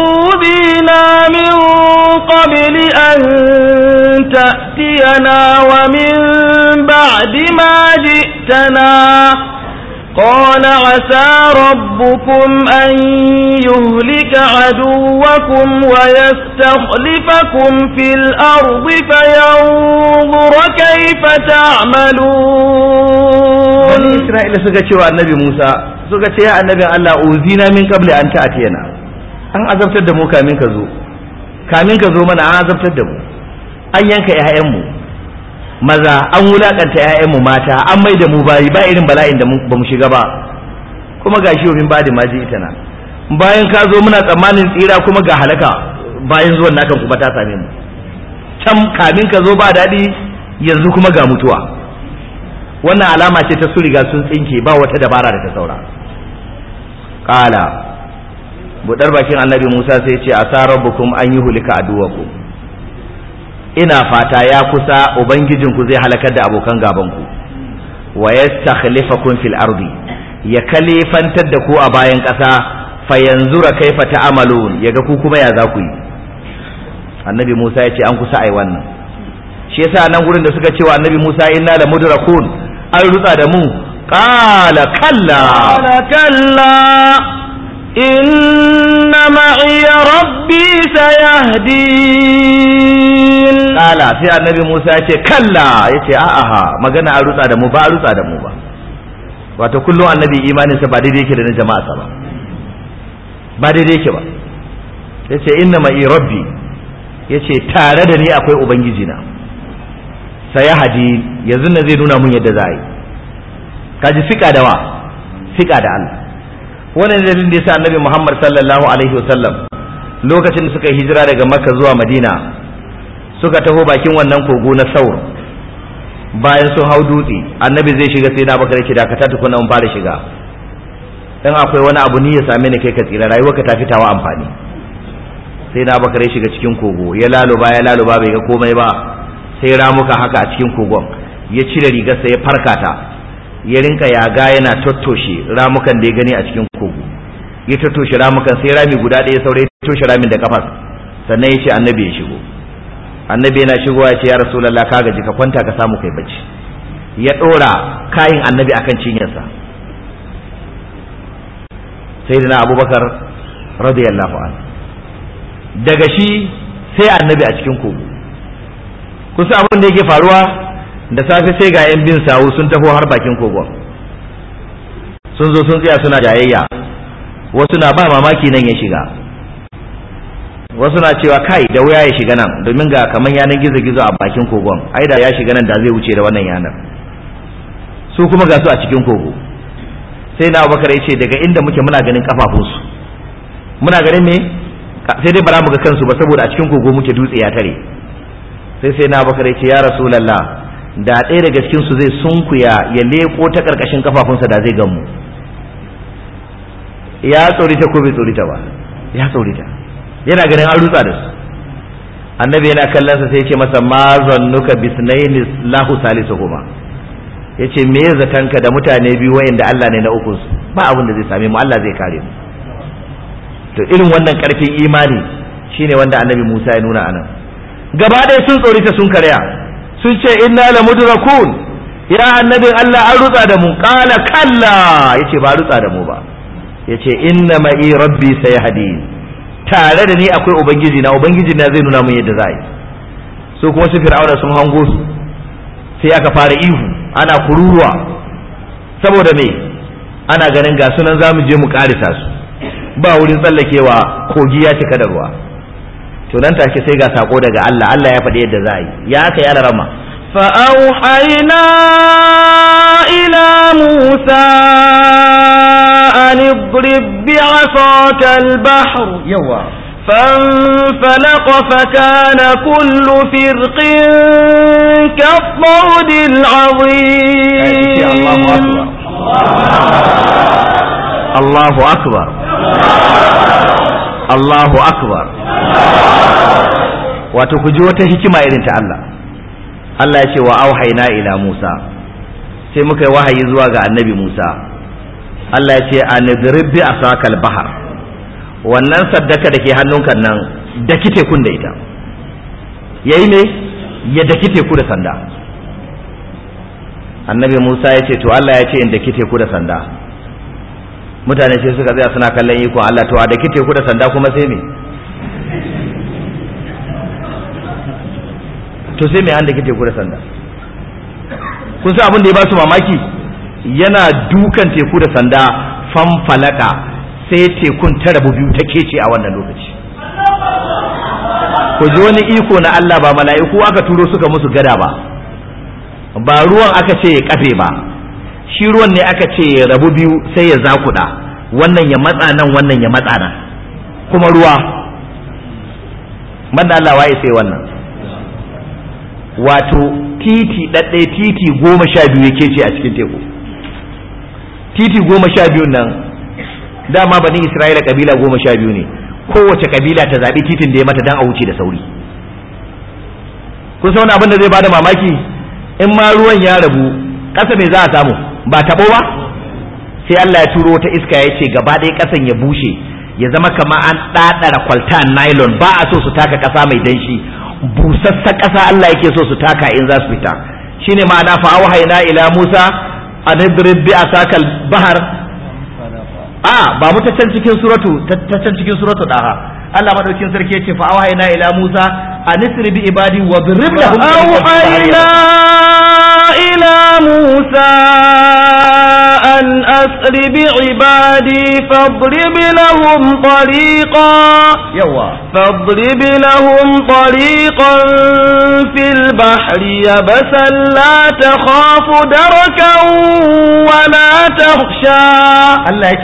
A: uzina min qabli an ta'tiyana wa min ba'di ma ji'tana قال عسى ربكم أن يهلك عدوكم ويستخلفكم في الأرض فينظر كيف تعملون
B: من إسرائيل سكتوا النبي موسى سكتوا يا النبي الله أوزينا من قبل أن تأتينا أن أزبت الدمو كامين كزو كامين كزو من أن أزبت الدمو أن ينكي أهيمو maza an wulakanta ƴaƴanmu mata an mai da mu bayi ba irin bala'in da ba mu shiga ba kuma ga shi obin bada maji ita na bayan ka zo muna tsammanin tsira kuma ga halaka bayan zuwan nakan kuma ta same mu can kamin ka zo ba daɗi yanzu kuma ga mutuwa wannan alama ce ta su riga sun tsinke ba wata dabara da ta saura ƙala budar bakin annabi musa sai ce asa rabbukum an yi hulika a aduwakum ina fata ya kusa ubangijinku zai halakar da abokan gabanku wa yastakhlifakum fil ardi ya kalifantar da ku a bayan ƙasa fa yanzura kaifa ta'malun yaga ku kuma ya za ku yi annabi Musa ya ce an kusa ai wannan shi yasa nan gurin da suka ce wa annabi Musa inna la mudrakun an rutsa da mu
A: qala qala kalla إن معي ربي سيهدين قال
B: في النبي موسى يتي كلا يتي آها ما قلنا أرسى دمو با أرسى دمو با وتكل النبي إيمان Ba دي kullum لنا جماعة سبا ba daidai yake ba ya ce inna ma'i rabbi ya ce tare da ni akwai ubangiji na saya Haji, yanzu na zai nuna mun yadda za yi kaji fika da wa fika da Allah wannan dalilin da yasa annabi Muhammad sallallahu alaihi wasallam lokacin da suka yi hijira daga Makka zuwa Madina suka taho bakin wannan kogo na Saur bayan sun hau dutse annabi zai shiga sai na bakar yake dakata tukuna mun fara shiga dan akwai wani abu ni ya same ni kai ka tsira rayuwar ka ta fitawa amfani sai na bakar shiga cikin kogo ya laluba ya laluba bai ga komai ba sai ramuka haka a cikin kogon ya cire rigarsa ya farka ta ya rinka yaga yana tattoshe ramukan da ya gani a cikin kogo ya tattoshe ramukan sai rami guda ɗaya saurayi tattoshe ramin da kafar sannan ya ce annabi ya shigo annabi yana shigowa ya ce ya rasulallah ka gaji ka kwanta ka samu kai bacci ya ɗora kayan annabi akan cinyarsa na abubakar radiyallahu an daga shi sai annabi a cikin kogo kusa abin da yake faruwa da safe sai ga yan bin sawu sun taho har bakin kogon sun zo sun tsaya suna jayayya wasu na ba mamaki nan ya shiga wasu na cewa kai da wuya ya shiga nan domin ga kamar yanar gizo-gizo a bakin kogon ai da ya shiga nan da zai wuce da wannan yanar su kuma ga su a cikin kogo sai na abubakar ya ce daga inda muke muna ganin kafafunsu muna ganin me sai dai ba za mu ga kansu ba saboda a cikin kogo muke dutse ya tare sai sai na abubakar ya ce ya rasulallah da ɗaya daga cikin su zai sunkuya ya leko ta ƙarƙashin kafafunsa da zai gamu ya tsorita ko bai tsorita ba ya tsorita yana ganin an rutsa da su annabi yana kallon sa sai ya ce masa ma zannuka bisnaini lahu Salisu ya yace me ya zatanka da mutane biyu wayanda Allah ne na uku ba abin da zai same mu Allah zai kare mu to irin wannan karfin imani shine wanda annabi Musa ya nuna anan gaba ɗaya sun tsorita sun karya sun ce inna la mudrakun ya annabin Allah an rutsa da mu kala, kalla yace ba rutsa da mu ba yace inna ma'i rabbi sayhadi tare da ni akwai ubangiji na ubangiji na zai nuna mun yadda za yi su kuma su fir'auna sun hango su sai aka fara ihu ana kururuwa saboda me ana ganin ga sunan zamu je mu karisa su ba wurin tsallakewa kogi ya cika da ruwa to nan take sai ga sako daga Allah Allah ya faɗi yadda za a yi
A: ya aka yi alarama فأوحينا إلى موسى أن اضرب بعصاك البحر يوا فانفلق فكان كل فرق كالطود العظيم الله أكبر الله أكبر
B: Allahu akbar wato ku ji wata hikima irin ta Allah Allah ya ce wa auhaina ila Musa sai muka yi wahayi zuwa ga annabi Musa Allah ya ce an bi asakal bahar wannan saddaka da ke hannunka nan da kite kun da ita yayi ne ya da kite ku da sanda annabi Musa ya ce to Allah ya ce in da kite ku da sanda mutane ce suka tsaya suna kallon ikon Allah to a da kite ku da sanda kuma sai me to sai me an da kite ku da sanda
C: kun san abin ya ba su mamaki
B: yana dukan teku da sanda fanfalaka sai tekun ta rabu biyu ta kece a wannan lokaci ku ji wani iko na Allah ba mala'iku aka turo suka musu gada ba ba ruwan aka ce ya kafe ba shi ruwan ne aka ce rabu biyu sai ya zakuda wannan ya matsa nan wannan ya matsa nan kuma ruwa banda Allah waye sai wannan wato titi ɗaɗɗe titi goma sha biyu yake ce a cikin teku titi goma sha biyu nan dama bani Isra'ila kabila goma sha biyu ne kowace kabila ta zaɓi titin da ya mata dan a wuce da sauri kun san wani abin da zai bada mamaki in ma ruwan ya rabu ƙasa me za a samu ba taɓo ba sai Allah ya turo ta iska ya ce gaba ɗaya ƙasan ya bushe ya zama kama an ɗaɗara kwalta nylon ba a so su taka ƙasa mai danshi busassa ƙasa Allah yake so su taka in za su fita shine ma'ana fa haina ila Musa an idrib bi asakal bahar a ba mu ta can cikin suratu ta can cikin suratu daha Allah madaukin sarki ce fa auhayna ila Musa an isri bi ibadi wa drib lahum
A: awhayna ila musa an asri bi ibadi fadrib lahum tariqa yawa fadrib lahum tariqan fil bahri yabasan la takhafu darakan wa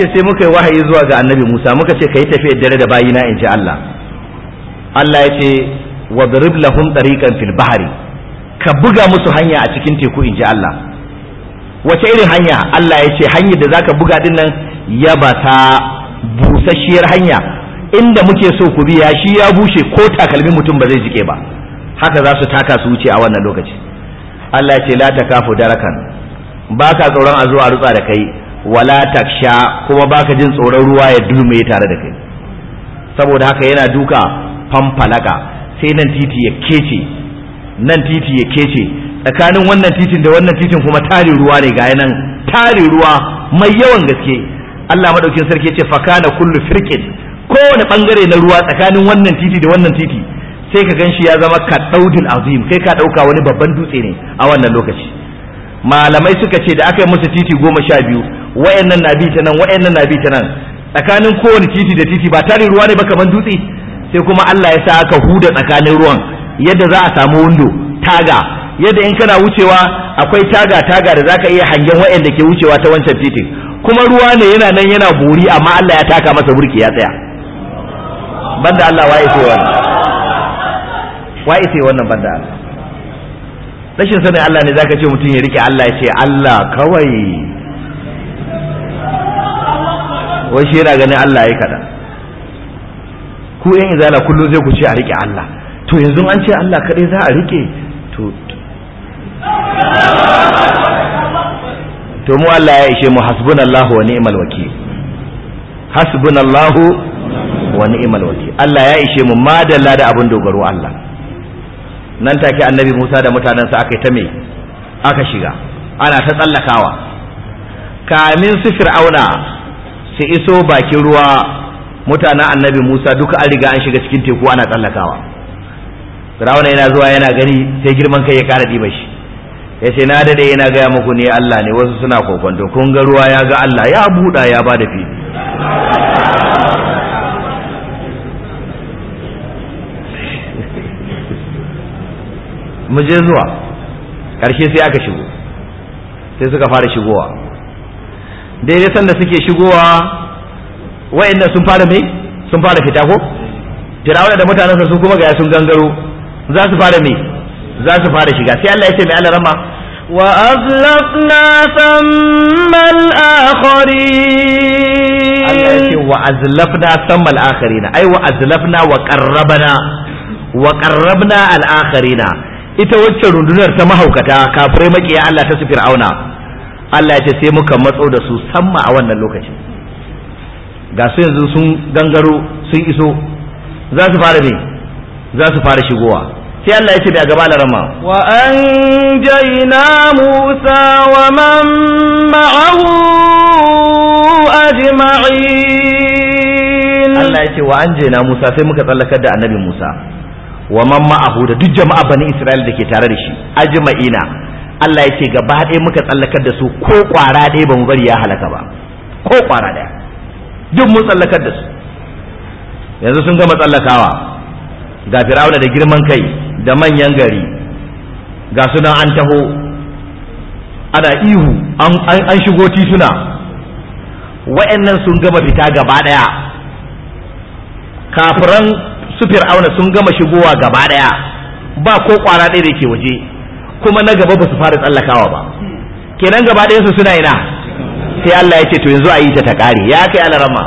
B: sai muka yi wahayi zuwa ga annabi Musa muka ce ka kai tafiyar dare da bayina in ji Allah Allah ya wadrib lahum tariqan fil bahri ka buga musu hanya a cikin teku in inji Allah wace irin hanya Allah ya ce hanyar da zaka buga din nan ya ta busasshiyar hanya inda muke so ku biya shi ya bushe ko takalmin mutum ba zai jike ba haka za su taka su wuce a wannan lokaci Allah ya ce la takafu darakan ba ka tsoron a zuwa rutsa da kai wala taksha kuma ba ka jin tsoron ruwa ya dume tare da kai saboda haka yana duka fanfalaka sai nan titi ya kece nan titi ya kece tsakanin wannan titin da wannan titin kuma tare ruwa ne ga nan tare ruwa mai yawan gaske Allah madaukin sarki ce fakana kullu firqin kowane bangare na ruwa tsakanin wannan titi da wannan titi sai ka ganshi ya zama daudul azim kai ka dauka wani babban dutse ne a wannan lokaci malamai suka ce da aka yi musu titi goma sha biyu wayannan na bi ta nan wayannan na bi ta nan tsakanin kowane titi da titi ba tare ruwa ne ba kamar dutse sai kuma Allah ya sa aka huda tsakanin ruwan yadda za a samu windo taga yadda in kana wucewa akwai taga taga da zaka iya hangen waɗanda ke wucewa ta wancan titin kuma ruwa ne yana nan yana buri amma Allah ya taka masa burki ya tsaya banda Allah wa ise wannan wa ise wannan banda Allah rashin sanin Allah ne zaka ce mutum ya rike Allah ya ce Allah kawai wai shi yana ganin Allah ya kada ku yan izala kullum zai ku ce a rike Allah to yanzu an ce Allah kaɗai za a rike to to mu Allah ya ishe mu hasbunallahu wa ni'mal wakil hasbunallahu wa ni'mal wakil Allah ya ishe mu madalla da abin dogaro Allah nan take annabi Musa da mutanensa aka yi ta me aka shiga ana ta tsallakawa kamin su fir'auna su iso bakin ruwa mutanen annabi Musa duka an riga an shiga cikin teku ana tsallakawa Firawuna yana zuwa yana gani sai girman kai ya kara diba shi ya ce na dade yana gaya muku ne Allah ne wasu suna kokonto kun ga ruwa ya ga Allah ya buɗa ya ba da fili mu je zuwa ƙarshe sai aka shigo sai suka fara shigowa daidai sanda suke shigowa wa'annan sun fara mai sun fara fita ko firawuna da mutanensa su kuma gaya sun gangaro za su fara mai za su fara shiga sai Allah ya ce mai Allah rama
A: wa azlafna sammal akhari Allah ya ce wa azlafna sammal na?
B: ai wa azlafna wa qarrabna wa qarrabna al na? ita wacce rundunar ta mahaukata kafirai makiya Allah ta su fir'auna Allah ya ce sai muka matso da su samma a wannan lokacin ga su yanzu sun gangaro sun iso za su fara ne za su fara shigowa sai Allah ya ce da gaba da rama
A: wa an jaina Musa wa man ma'ahu ajma'in Allah ya ce wa an
B: jaina Musa sai muka tsallakar da annabi Musa wa man ma'ahu da duk jama'a bani Isra'il da ke tare da shi ajma'ina Allah ya ce gaba ɗaya muka tsallakar da su ko kwara ɗaya ba mu bari ya halaka ba ko kwara ɗaya duk mun tsallakar da su yanzu sun gama tsallakawa ga fir'auna da girman kai da manyan gari ga sunan an taho ana ihu an shigo tituna wa'annan sun gama fita gaba daya kafiran su fir'auna sun gama shigowa gaba daya ba ko kwara ɗaya da ke waje kuma na gaba ba su fara tsallakawa ba kenan gaba ɗayansu suna ina sai Allah ya ce to yanzu a yi ta ta kare ya kai alarama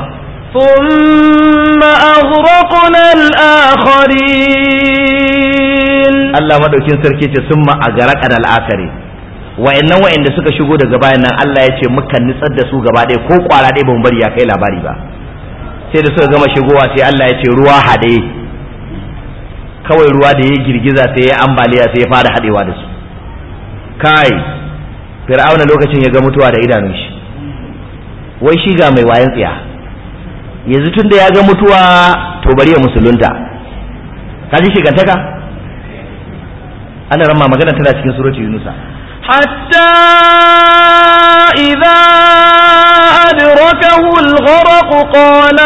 B: Allah madaukin sarki ce sun دوكين سركي ثم أغرقنا الآخرين wa'annan wa'anda suka shigo daga bayan nan Allah ya ce muka nitsar da su gaba ɗaya ko kwara ɗaya ban bari ya kai labari ba sai da suka gama shigowa sai Allah ya ruwa haɗe kawai ruwa da ya girgiza sai ya ambaliya sai ya fara haɗewa da su kai fir'auna lokacin ya ga mutuwa da idanun shi wai shi ga mai wayan tsiya yanzu tunda ya ga mutuwa to bari ya musulunta ka ji shi shigantaka ana rama magana tana cikin surutu yunusa
A: Hatta idza adrakahu alghraq qala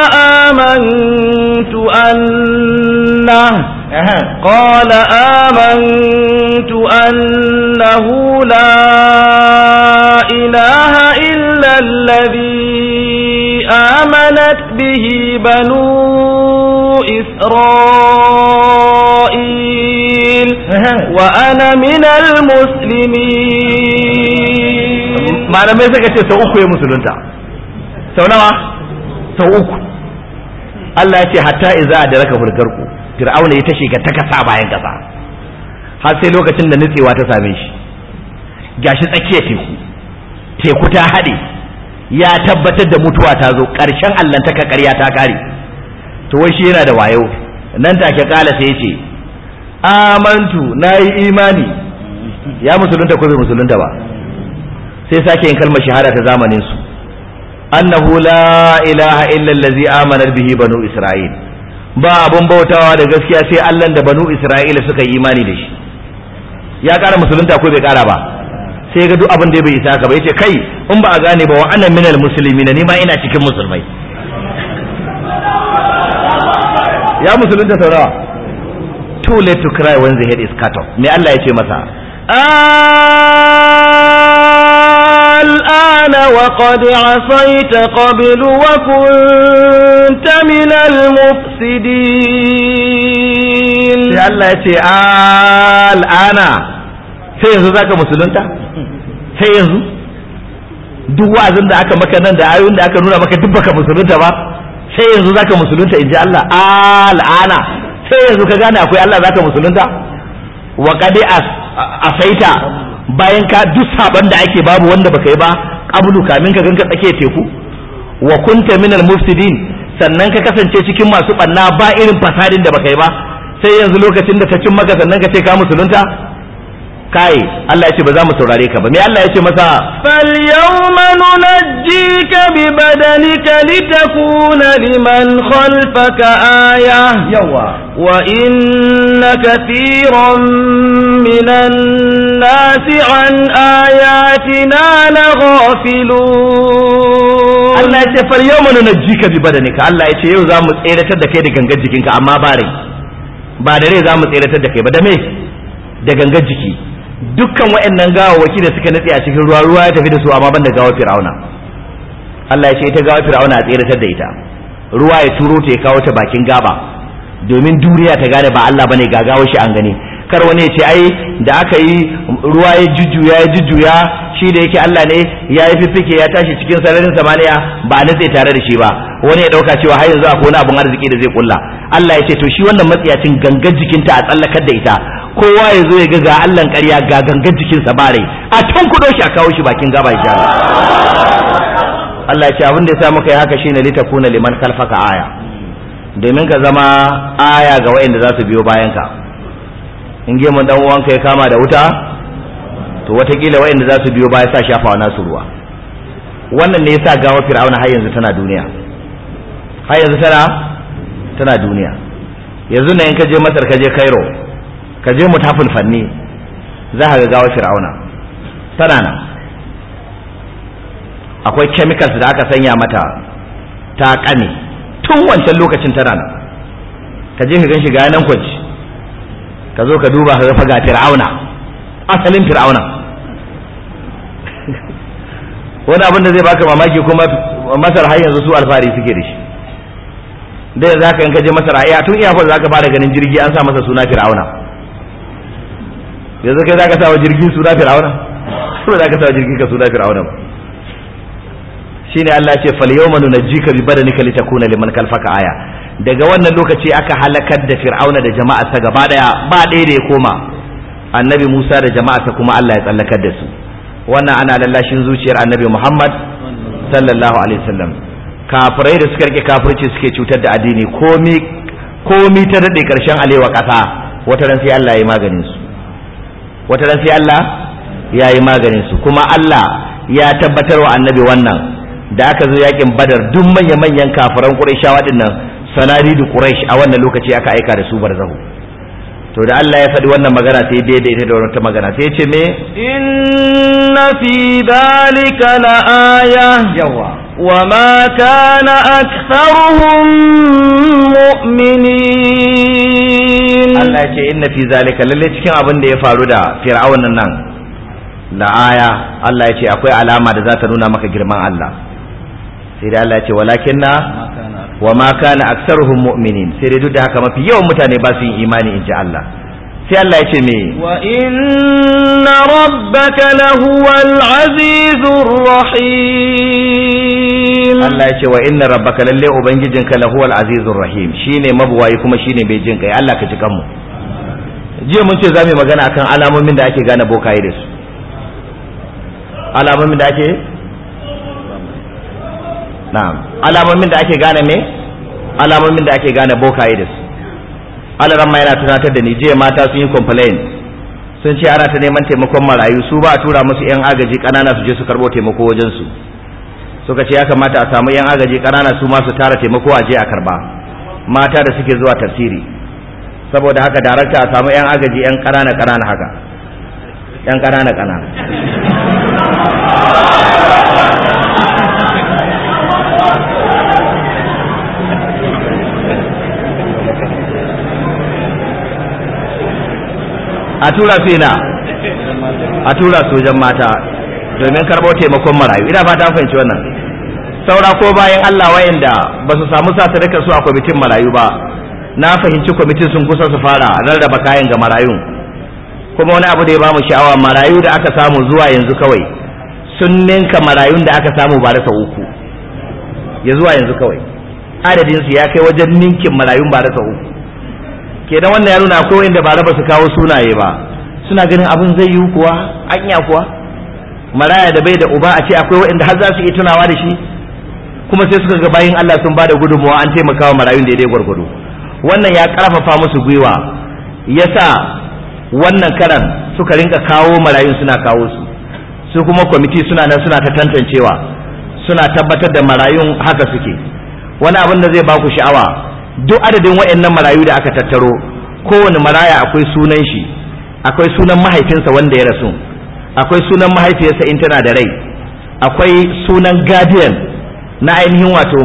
A: amantu anna qala amantu annahu la الذي آمنت به بنو إسرائيل وأنا من المسلمين suka ce sau uku
B: ya musulunta sau nawa sau uku Allah ya ce hatta iza a daraka mulkarku fir'auna ya ta shiga ta kasa bayan kasa har sai lokacin da nutsewa ta same shi gashi tsakiyar teku teku ta haɗe ya tabbatar da mutuwa ta zo ƙarshen allantaka ƙarya ta ƙare. to wai shi yana da wayo nan take kala sai ya ce amantu na yi imani ya musulunta ko bai musulunta ba sai sake yin kalmar shahada ta zamanin su annahu la ilaha illa allazi amanar bihi banu isra'il ba abun bautawa da gaskiya sai allan da banu isra'ila suka yi imani da shi ya ƙara musulunta ko bai ƙara ba sai ga duk abin da bai isa ka ba yace kai in ba a gane ba wa anan minal muslimin ni ma ina cikin musulmai ya musulun ta saurawa too late to cry when the head is cut off me Allah ya ce
A: masa الآن وقد عصيت قبل وكنت من المفسدين الله ce الآن
B: sai yanzu za ka musulunta sai yanzu duk wa'azin da aka maka nan da ayoyin da aka nuna maka duk baka musulunta ba sai yanzu za ka musulunta in ji Allah al'ana sai yanzu ka gane akwai Allah za ka musulunta wa a saita bayan ka duk saban da ake babu wanda baka yi ba qablu kamin ka ganka tsake teku wa kunta minal mufsidin sannan ka kasance cikin masu banna ba irin fasadin da baka yi ba sai yanzu lokacin da ta cin maka sannan ka ce ka musulunta kai Allah ya ce ba za mu saurare ka ba me Allah ya ce masa
A: fal yawma nunajjika bi badanika litakuna liman khalfaka aya yawa wa inna kathiran minan nasi an ayatina laghafilun Allah
B: ya ce fal yawma nunajjika bi badanika Allah ya ce yau za mu tseratar da kai da gangan jikinka amma ba rai ba da rai za mu tseratar da kai ba da me da gangan jiki dukkan waɗannan gawawaki da suka nutse a cikin ruwa ruwa ya tafi da su amma banda gawar fir'auna Allah ya ce ita gawar fir'auna a tseratar da ita ruwa ya turo ta ya kawo ta bakin gaba domin duniya ta gane ba Allah bane ga gawar shi an gani kar wani ya ce ai da aka yi ruwa ya jujjuya ya jujjuya shi da yake Allah ne ya yi fiffike ya tashi cikin sararin samaniya ba a nutse tare da shi ba wani ya dauka cewa har yanzu akwai wani abun arziki da zai kulla Allah ya ce to shi wannan matsiyacin gangan jikinta a tsallakar da ita kowa ya zo ya ga ga allan ƙarya ga gangan jikinsa ba rai a tun kudo shi a kawo shi bakin gaba ya sha Allah ya ce abin da ya sa muka yi haka shine litakuna liman khalfaka aya domin ka zama aya ga waɗanda za su biyo bayan ka in gemun dan uwanka ya kama da wuta to watakila waɗanda za su biyo baya sa shafawa nasu ruwa wannan ne yasa gawa fir'auna har yanzu tana duniya har yanzu tana tana duniya yanzu ne in ka je masar ka je kairo ka je tafin fanni za ka gawa gawar fir'auna tana nan akwai chemicals da aka sanya mata ta kane tun wancan lokacin tana nan ka je ka gan shi ga nan kwanci ka zo ka duba ka ga ga fir'auna asalin fir'auna wani abin da zai baka mamaki kuma masar har yanzu su alfahari suke da shi da yanzu haka in ka je masar a iya tun iya za ka fara ganin jirgi an sa masa suna fir'auna yanzu kai za ka sa wa jirgin suna fir'auna ba za ka sa wa jirgin ka suna fir'auna ba ne Allah ce fal ji ka bi badanika kuna liman kalfaka aya daga wannan lokaci aka halakar da fir'auna da jama'a ta gaba daya ba ɗaya da ya koma annabi Musa da jama'a ta kuma Allah ya tsallakar da su wannan ana lallashin zuciyar annabi Muhammad sallallahu alaihi wasallam kafirai da suka rike kafirci suke cutar da addini komi komi ta dade karshen alewa kasa wata ran sai Allah ya maganin su wata ran sai Allah ya yi maganin su kuma Allah ya tabbatar wa annabi wannan da aka zo yakin badar duk manya manyan kafiran quraishawa dinnan sanari da quraish a wannan lokaci aka aika da su barzahu to da Allah ya faɗi wannan magana sai daidai ita da ta
A: magana sai ya ce me inna fi dhalika la aya yawa وما كان أكثرهم مؤمنين الله يكي إن في ذلك للي تكين أبن دي فارودا
B: فرعون النان لآية الله يكي أقوي علامة ذات نونا مكا جرمان الله سيري الله يكي ولكن وما كان أكثرهم مؤمنين سيري دودها كما في يوم متاني باسي إيماني إن الله sai Allah ya ce me
A: wa inna rabbaka lahuwal azizur rahim
B: Allah ya ce wa inna rabbaka lalle ubangijinka lahuwal azizur rahim shine mabuwayi kuma shine bai jin kai Allah ka ji kanmu jiya mun ce za mu magana akan alamomin da ake gane bokaye da su alamomin da ake na'am alamomin da ake gane me alamomin da ake gane bokaye da su alaran ma yana tunatar da ni jiya mata sun yi complain sun ce ana ta neman taimakon marayu su ba a tura musu yan agaji kanana su je su karbo taimako wajen su suka ce ya kamata a samu yan agaji kanana su ma su tara taimako a je a karba mata da suke zuwa tafsiri saboda haka darakta a samu yan agaji yan kanana kanana haka yan kanana kanana tura su yana a tura su wajen mata domin karɓo taimakon marayu ina fata fahimci wannan saura ko bayan Allah wayanda ba su samu sa tarika su a kwamitin marayu ba na fahimci kwamitin sun kusa su fara rarraba kayan ga marayun kuma wani abu da ya bamu sha'awa marayu da aka samu zuwa yanzu kawai sun ninka marayun da aka samu ba rasa uku ya zuwa yanzu kawai adadin su ya kai wajen ninkin marayun ba rasa uku da wannan ya nuna akwai wanda ba raba su kawo sunaye ba suna ganin abin zai yi kuwa anya kuwa maraya da bai da uba a ce akwai wanda har za su iya tunawa da shi kuma sai suka ga bayin Allah sun bada gudunmawa an taimaka wa marayun daidai gwargwado wannan ya karfafa musu gwiwa yasa wannan karan suka rinka kawo marayun suna kawo su su kuma kwamiti suna nan suna ta tantancewa suna tabbatar da marayun haka suke wani abin da zai baku sha'awa duk adadin waɗannan marayu da aka tattaro kowane maraya akwai sunan shi akwai sunan mahaifinsa wanda ya rasu akwai sunan mahaifiyarsa in tana da rai akwai sunan guardian na ainihin wato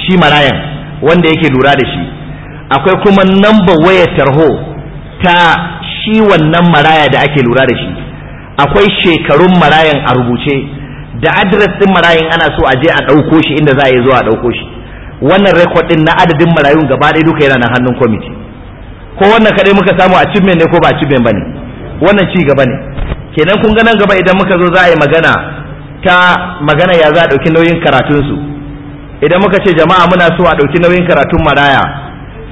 B: shi marayan wanda yake lura da shi akwai kuma number wayar tarho ta shi wannan maraya da ake lura da shi akwai shekarun marayan a rubuce da adres ɗin marayan ana so a je a ɗauko shi inda za a yi zuwa a ɗauko shi wannan rekod din na adadin marayun gaba ɗaya duka yana nan hannun kwamiti ko wannan kaɗai muka samu a cibin ne ko ba a cibin ba ne wannan ci gaba ne kenan kun ga nan gaba idan muka zo za a yi magana ta magana ya za a ɗauki nauyin karatunsu idan muka ce jama'a muna so a ɗauki nauyin karatun maraya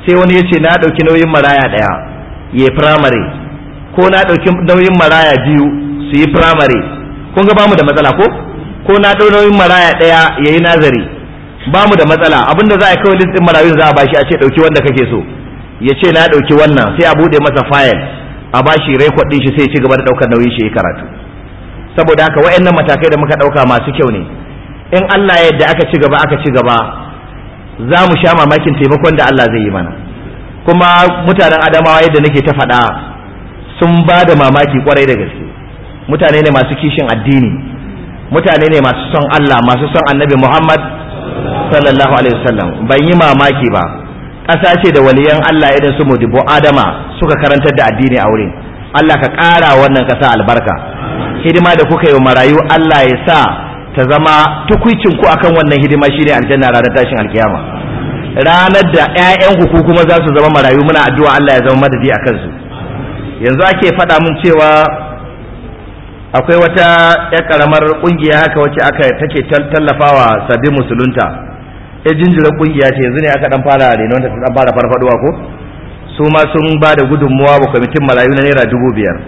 B: sai wani ya ce na ɗauki nauyin maraya ɗaya ya yi firamare ko na ɗauki nauyin maraya biyu su yi firamare kun ga mu da matsala ko ko na ɗau nauyin maraya ɗaya ya yi nazari ba mu da matsala abinda za a kawai list din marayun za a bashi a ce dauki wanda kake so ya ce na dauki wannan sai a bude masa file a bashi record din shi sai ya ci gaba da daukar nauyin shi ya karatu saboda haka wayannan matakai da muka dauka masu kyau ne in Allah ya yarda aka ci gaba aka ci gaba za mu sha mamakin taimakon da Allah zai yi mana kuma mutanen Adamawa yadda nake ta faɗa sun ba da mamaki kwarai da gaske mutane ne masu kishin addini mutane ne masu son Allah masu son Annabi Muhammad sallallahu alaihi wasallam ban yi mamaki ba ƙasa ce da waliyan Allah idan su Mudibo Adama suka karantar da addini a wurin Allah ka ƙara wannan ƙasa albarka hidima da kuka yi wa marayu Allah ya sa ta zama tukuicin ku akan wannan hidima shine aljanna ranar tashin alkiyama ranar da ƴaƴan ku kuma za su zama marayu muna addu'a Allah ya zama madadi a kansu yanzu ake faɗa mun cewa akwai wata ƴar ƙaramar ƙungiya haka wacce aka take tallafawa sabbin musulunta ya jinjira kungiya ce yanzu ne aka dan fara renon ta dan fara farfaduwa ko su ma sun ba da gudunmuwa wa kwamitin marayu na naira dubu biyar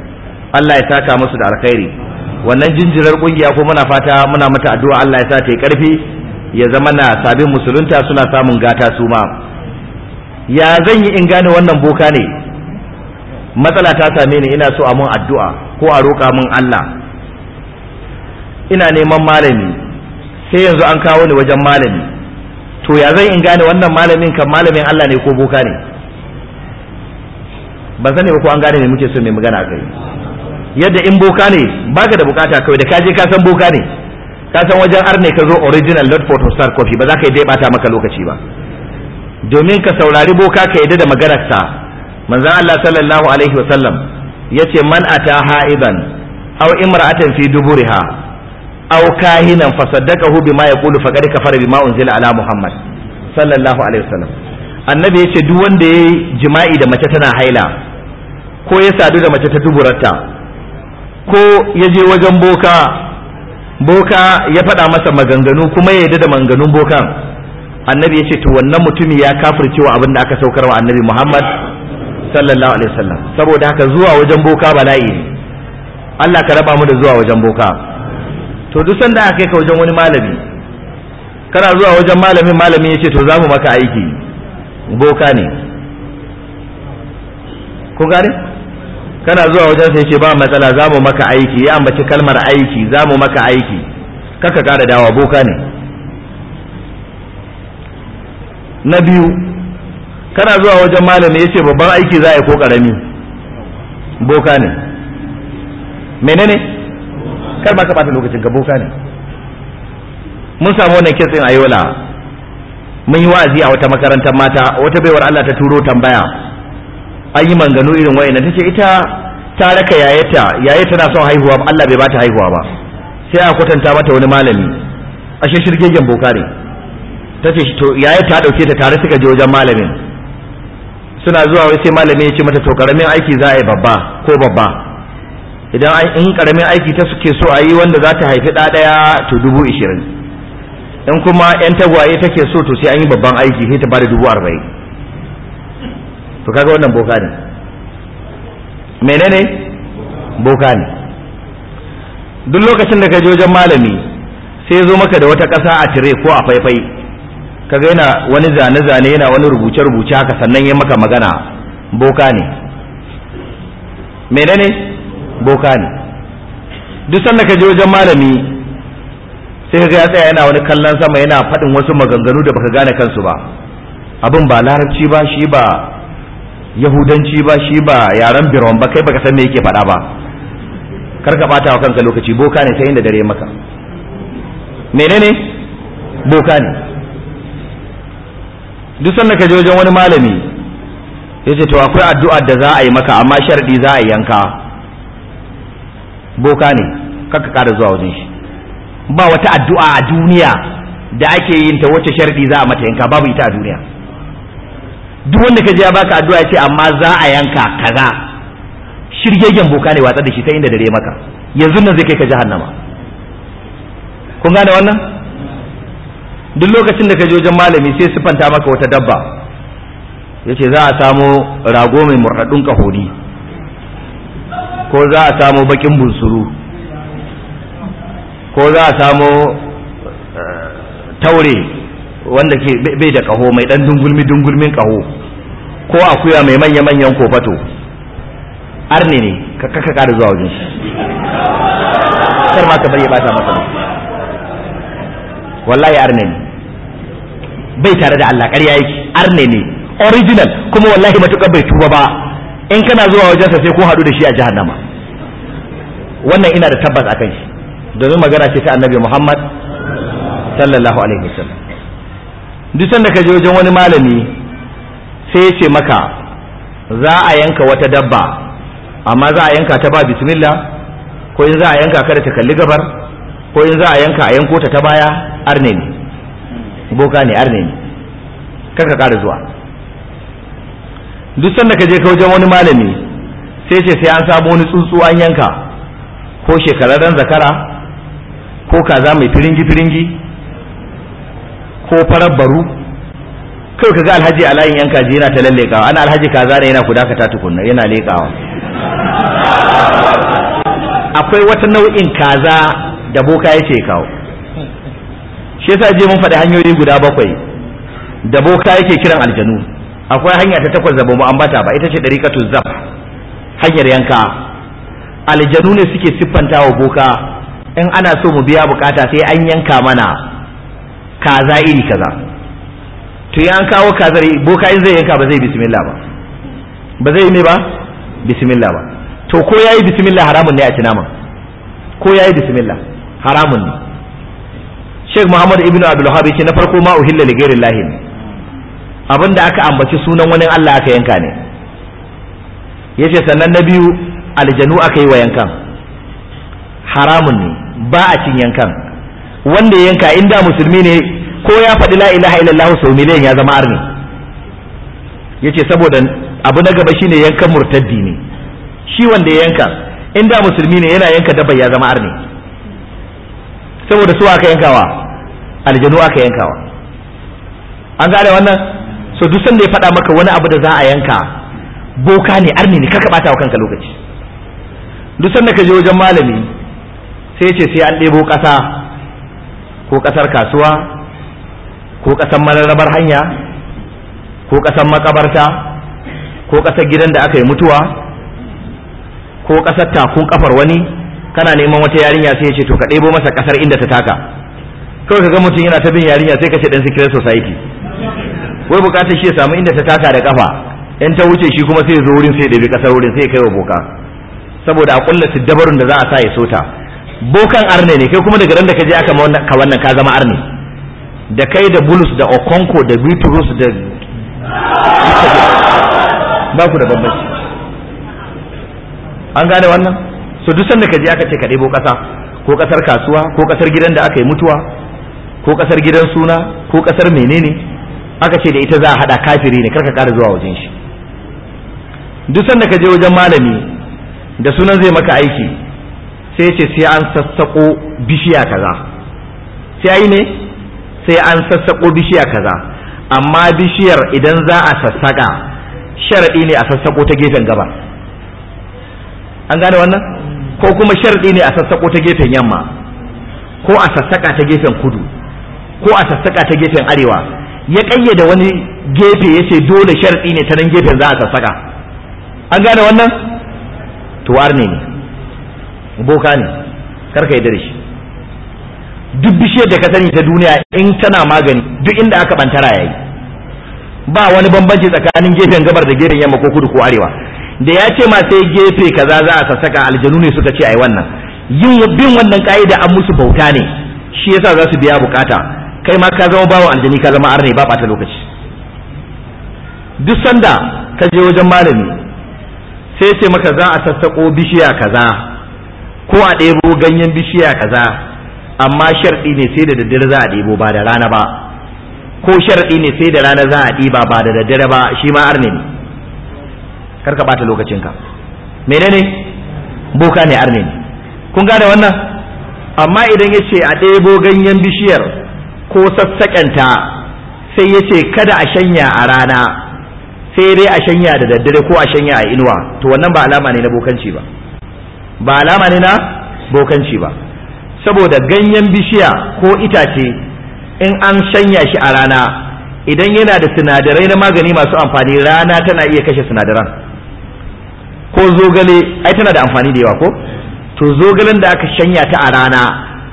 B: Allah ya saka musu da alkhairi wannan jinjirar kungiya ko muna fata muna mata addu'a Allah ya sa ta yi karfi ya zama na sabin musulunta suna samun gata su ma ya zan yi in gane wannan boka ne matsala ta same ni ina so a mun addu'a ko a roƙa mun Allah ina neman malami sai yanzu an kawo ni wajen malami to ya zai in gane wannan malamin kan malamin Allah ne ko boka ne ban sani ba ko an gane me muke so mai magana kai yadda in boka ne baka da bukata kawai da kaje ka san boka ne ka san wajen arne ka zo original not photo star coffee ba za ka yi dai bata maka lokaci ba domin ka saurari boka ka yadda da maganar maganarsa manzon Allah sallallahu alaihi wasallam yace man ata ha'iban aw imra'atan fi duburiha aw kahinan fasaddaqahu bima yaqulu faqad kafara bima unzila ala muhammad sallallahu alaihi wasallam annabi yace duk wanda yayi jima'i da mace tana haila ko ya sadu da mace ta duburarta ko ya je wajen boka boka ya faɗa masa maganganu kuma ya yarda da maganganun bokan annabi yace to wannan mutumi ya kafircewa abin da aka saukar wa annabi muhammad sallallahu alaihi wasallam saboda haka zuwa wajen boka bala'i ne Allah ka raba mu da zuwa wajen boka to duk sanda aka kai ka wajen wani malami kana zuwa wajen malamin malamin ya ce to za mu maka aiki boka ne ko gane kana zuwa wajen sai ce ba matsala za mu maka aiki ya ambaci kalmar aiki za mu maka aiki kaka kara dawa boka ne na biyu kana zuwa wajen malami ya ce babban aiki za a yi ko karami boka ne menene kar ba ka bata lokacin ka boka ne mun samu wannan kitsin a yola mun yi wa'azi a wata makarantar mata wata baiwar Allah ta turo tambaya an yi manganu irin Ta tace ita ta raka yayata yayata na son haihuwa Allah bai bata haihuwa ba sai a kwatanta mata wani malami ashe shirgegen boka ne tace to yayata ta dauke ta tare suka je wajen malamin suna zuwa wai sai malamin ya ce mata to karamin aiki za a yi babba ko babba idan in karamin aiki ta suke so a yi wanda za ta haifi ɗa ɗaya to dubu ishirin in kuma yan tagwaye take so to sai an yi babban aiki sai ta bada dubu arba'in to kaga wannan boka ne menene boka ne duk lokacin da ka je wajen malami sai zo maka da wata ƙasa a tire ko a faifai kaga yana wani zane-zane yana wani rubuce-rubuce haka sannan ya maka magana boka ne menene boka ne duk sanda ka je wajen malami sai ka ya tsaya yana wani kallon sama yana faɗin wasu maganganu da baka gane kansu ba abin ba larabci ba shi ba yahudanci ba shi ba yaren biron ba kai baka san me yake faɗa ba kar ka bata wa kanka lokaci boka ne sai inda dare maka menene boka ne duk sanda ka je wajen wani malami yace to akwai addu'a da za a yi maka amma sharadi za a yi yanka boka ne kaka kara zuwa wajen shi ba wata addu'a a duniya da ake yin ta wacce sharadi za a mata yanka babu ita a duniya duk wanda ka je ya baka addu'a ya ce amma za a yanka kaza shirgegen boka ne watsa da shi ta inda dare maka yanzu nan zai kai ka jahannama kun gane wannan duk lokacin da ka je wajen malami sai sufanta maka wata dabba yace za a samo rago mai murhadun kahori ko za a samo bakin bunsuru ko za a samo eh, taure wanda ke bai da kaho mai dan dungulmi dungulmin kaho ko akuya mai manya manyan kofato arne ne ka kaka kada zuwa wajen shi ma ka bari ba ta masa wallahi arne ne bai tare da Allah ƙarya yake arne ne original kuma wallahi matukar bai tuba ba in kana zuwa wajensa sai ko haɗu da shi a jahannama wannan ina da tabbas akan shi domin magana ce ta annabi Muhammad sallallahu alaihi wasallam duk sanda ka je wajen wani malami sai ya ce maka za a yanka wata dabba amma za a yanka ta ba bismillah ko in za a yanka kada ta kalli gabar ko in za a yanka a yanko ta ta baya arne ne boka ne arne ne kanka kara zuwa duk sanda ka je ka wajen wani malami sai ce sai an samu wani tsuntsu an yanka ko shekararren zakara ko kaza mai firingi firingi ko farar baru kai ka ga alhaji a layin yanka ji yana ta lallekawa ana alhaji kaza ne yana kudakata tukunna yana lekawa akwai wata nau'in kaza da boka ya kawo shi yasa je mun faɗi hanyoyi guda bakwai da boka yake kiran aljanu akwai hanya ta takwas da bamu ambata ba ita ce dariqatu zaf hanyar yanka aljanu ne suke siffanta wa boka in ana so mu biya bukata sai an yanka mana kaza iri kaza to ya an kawo kaza boka in zai yanka ba zai bismillah ba ba zai ne ba bismillah ba to ko yayi bismillah haramun ne a cinama ko yayi bismillah haramun ne Sheikh Muhammad Ibnu Abdul Wahhab ce na farko ma uhilla li ghairi Allah ne abinda aka ambaci sunan wani Allah aka yanka ne yace sannan na biyu aljanu aka yi wa yankan haramun ne ba a cin yankan wanda ya yanka inda musulmi ne ko ya faɗi la ilaha illallah sau miliyan ya zama arni yace saboda abu na gaba shine yankan murtaddi ne shi wanda ya yanka inda musulmi ne yana yanka dabba ya zama arni saboda su aka yankawa aljanu aka yankawa an gane wannan so duk sanda ya faɗa maka wani abu da za a yanka boka ne arni ne kaka bata wa kanka lokaci duk sanda ka je wajen malami sai ce sai an ɗebo ƙasa ko ƙasar kasuwa ko ƙasar mararrabar hanya ko ƙasar makabarta ko ƙasar gidan da aka yi mutuwa ko ƙasar takun kafar wani kana neman wata yarinya sai ya ce to ka ɗebo masa ƙasar inda ta taka kawai ka ga mutum yana ta bin yarinya sai ka ce ɗan Sikirar society wai bukatar shi ya samu inda ta taka da kafa in ta wuce shi kuma sai ya zo wurin sai ya ɗabi ƙasar wurin sai ya kai wa boka saboda a ƙulla siddabarun da za a sa ya sota bokan arne ne kai kuma daga ran da ka je aka ka wannan ka zama arne da kai da bulus da okonko da bitrus da ba ku da bambanci an gane wannan so duk sanda ka je aka ce ka ɗebo ƙasa ko ƙasar kasuwa ko ƙasar gidan da aka yi mutuwa ko ƙasar gidan suna ko ƙasar menene aka ce da ita za a hada kafiri ne karka ƙara zuwa wajen shi duk sanda ka je wajen malami da sunan zai maka aiki sai ce sai an sassaƙo bishiya kaza sai ai ne sai an sassaƙo bishiya kaza amma bishiyar idan za a sassaƙa sharadi ne a sassaƙo ta gefen gaba an gane wannan ko kuma sharadi ne a sassaƙo ta gefen yamma ko a sassaƙa ta gefen kudu ko a sassaƙa ta gefen arewa ya kayyada wani gefe ya ce dole sharɗi ne ta nan gefen za a sassaka an gane wannan tuwar ne ne boka ne karka yadda da shi duk bishiyar da ka sani ta duniya in tana magani duk inda aka bantara yi ba wani bambanci tsakanin gefen gabar da gefen yamma ko kudu ko arewa da ya ce ma sai gefe kaza za a sassaka aljanu ne suka ce a yi wannan yin bin wannan ka'ida an musu bauta ne shi yasa za su biya bukata kai ma ka zama bawan aljani ka zama arne ba ɓata lokaci duk sanda ka je wajen malami sai ce maka za a sassaƙo bishiya kaza ko a ɗebo ganyen bishiya kaza amma sharɗi ne sai da daddare za a ɗebo ba da rana ba ko sharɗi ne sai da rana za a ɗiba ba da daddare ba shi ma arne ne kar ka ɓata lokacinka menene boka ne arne ne kun gane wannan amma idan ya ce a ɗebo ganyen bishiyar ko sassaƙenta sai ya ce kada a shanya a rana sai dai a shanya da daddare ko a shanya a inuwa to wannan ba alama ne na bokanci ba ba alama ne na bokanci ba saboda ganyen bishiya ko itace in an shanya shi a rana idan yana da sinadarai na magani masu amfani rana tana iya kashe sinadaran ko zogale ai tana da amfani da yawa ko to zogalen da aka shanya ta a rana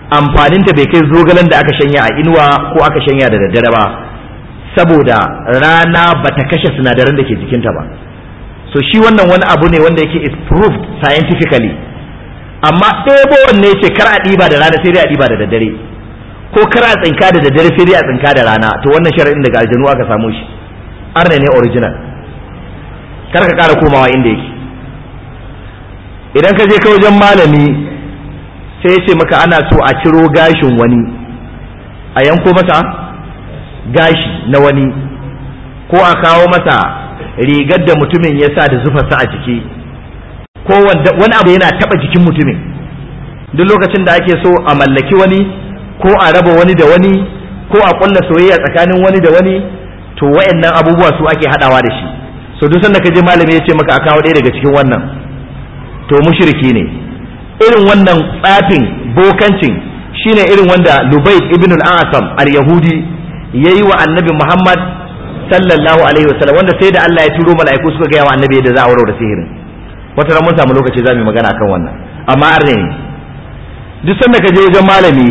B: amfaninta bai kai zogalen da aka shanya a inuwa ko aka shanya da daddare ba saboda rana ba ta kashe sinadaran da ke jikinta ba so shi wannan wani abu ne wanda yake is proved scientifically amma ɗebo wanne ce kar a ɗiba da rana sai dai a ɗiba da daddare ko kar a tsinka da daddare sai dai a tsinka da rana to wannan shari'in daga aljanu aka samu shi arne ne original kar ka ƙara komawa inda yake idan ka je ka wajen malami sai ya ce maka ana so a ciro gashin wani a yanko masa gashi na wani ko a kawo masa rigar da mutumin ya sa da zufarsa a jiki ko wani abu yana taba jikin mutumin duk lokacin da ake so a mallaki wani ko a raba wani da wani ko a kulla soyayya tsakanin wani da wani to wayannan abubuwa su ake hadawa da shi so duk sanda ka je malami ya ce maka a kawo ɗaya daga cikin wannan to mushriki ne irin wannan tsafin bokancin ne irin wanda Lubayt ibn al-Asam al-Yahudi yayi wa Annabi Muhammad sallallahu alaihi wasallam wanda sai da Allah ya turo mala'iku suka gaya wa Annabi yadda za a da sihirin wata ran mun samu lokaci za mu magana kan wannan amma arne duk sanda ka je wajen malami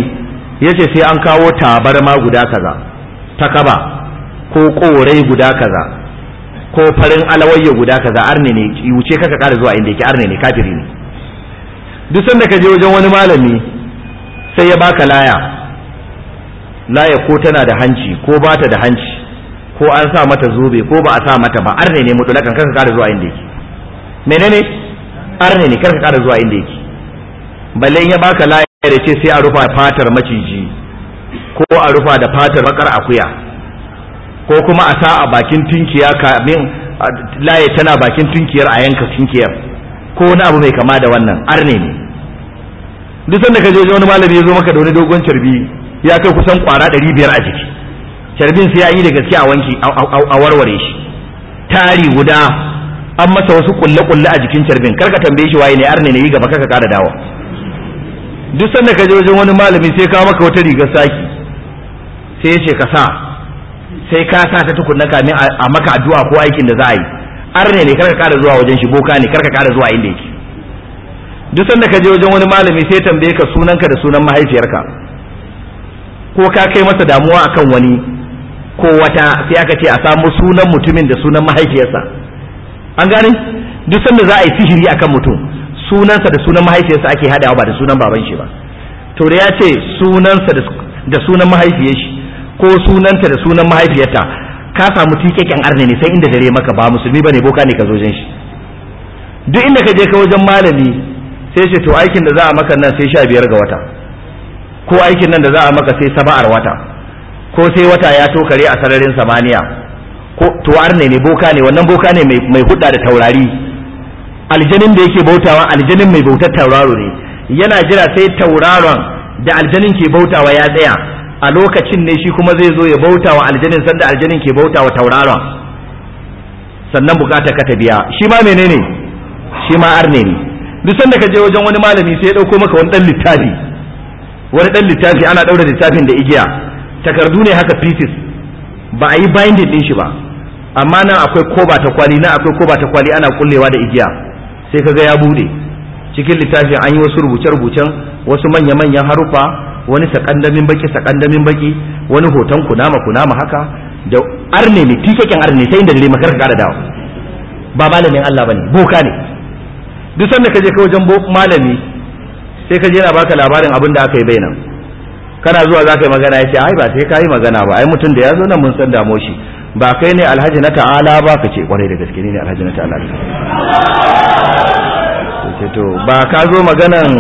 B: ce sai an kawo tabarma guda kaza takaba ko korai guda kaza ko farin alawayya guda kaza arne ne wuce kaka kara zuwa inda yake arne ne kafiri ne duk sanda ka je wajen wani malami sai ya baka laya laya ko tana da hanci ko ba ta da hanci ko an sa mata zobe ko ba a sa mata ba arne ne mutulakan kanka kada zuwa inda yake menene arne ne ka kada zuwa inda yake balle ya baka laya da ce sai a rufa fatar maciji ko a rufa da fatar bakar akuya ko kuma a sa a bakin tunkiya kamin laye tana bakin tunkiyar a yanka tunkiyar ko wani abu mai kama da wannan arne ne duk sanda ka je wani malami ya zo maka da wani dogon carbi ya kai kusan kwara ɗari biyar a jiki carbin sai ya yi da gaske a wanki a warware shi tari guda an masa wasu kulle-kulle a jikin carbin karka tambaye shi waye ne arne ne yi gaba kaka kara dawa duk sanda ka je wajen wani malami sai kawo maka wata rigar saki sai ya ce ka sa sai ka sa ta tukunna kamin a maka addu'a ko aikin da za a yi arne ne karka kara zuwa wajen shi boka ne karka kara zuwa inda yake duk sanda ka je wajen wani malami sai tambaye ka sunanka da sunan mahaifiyarka ko ka kai masa damuwa akan wani ko wata sai aka ce a samu sunan mutumin da sunan mahaifiyarsa an gane duk sanda za a yi sihiri akan mutum sunansa da sunan mahaifiyarsa ake hadawa ba da sunan baban shi ba to da ya ce sunansa da sunan mahaifiyar shi ko sunanta da sunan mahaifiyarta ka samu tikekken arne ne sai inda dare maka ba musulmi bane boka ne ka zo jin shi duk inda ka je ka wajen malami sai ce to aikin da za a maka nan sai sha biyar ga wata ko aikin nan da za a maka sai saba'ar wata ko sai wata ya tokare a sararin samaniya ko to arne ne boka ne wannan boka ne mai hudda da taurari aljanin da yake bautawa aljanin mai bautar tauraro ne yana jira sai tauraron da aljanin ke bautawa ya tsaya a lokacin ne shi kuma zai zo ya bautawa aljanin sanda aljanin ke bautawa tauraron sannan bukata ka ta biya shi ma menene shi ma arne ne duk sanda ka je wajen wani malami sai ya dauko maka wani dan littafi wani dan littafi ana daura littafin da igiya takardu ne haka pieces ba a yi binding din shi ba amma nan akwai koba ta kwali nan akwai koba ta kwali ana kullewa da igiya sai kaga ya bude cikin littafin an yi wasu rubuce-rubucen wasu manya-manyan haruffa wani sakandamin baki sakandamin baki wani hoton kunama kunama haka da arne ne tikakken arne sai inda dare ka da dawo ba malamin Allah bane boka ne duk sanda ka je ka wajen malami sai ka je na baka labarin abin da aka yi bainan kana zuwa za ka yi magana ya ce ai ba sai ka yi magana ba ai mutum da ya zo nan mun san damo shi ba kai ne alhaji na ta'ala ba ka ce kwarai da gaske ne alhaji na ta'ala to ba ka zo maganan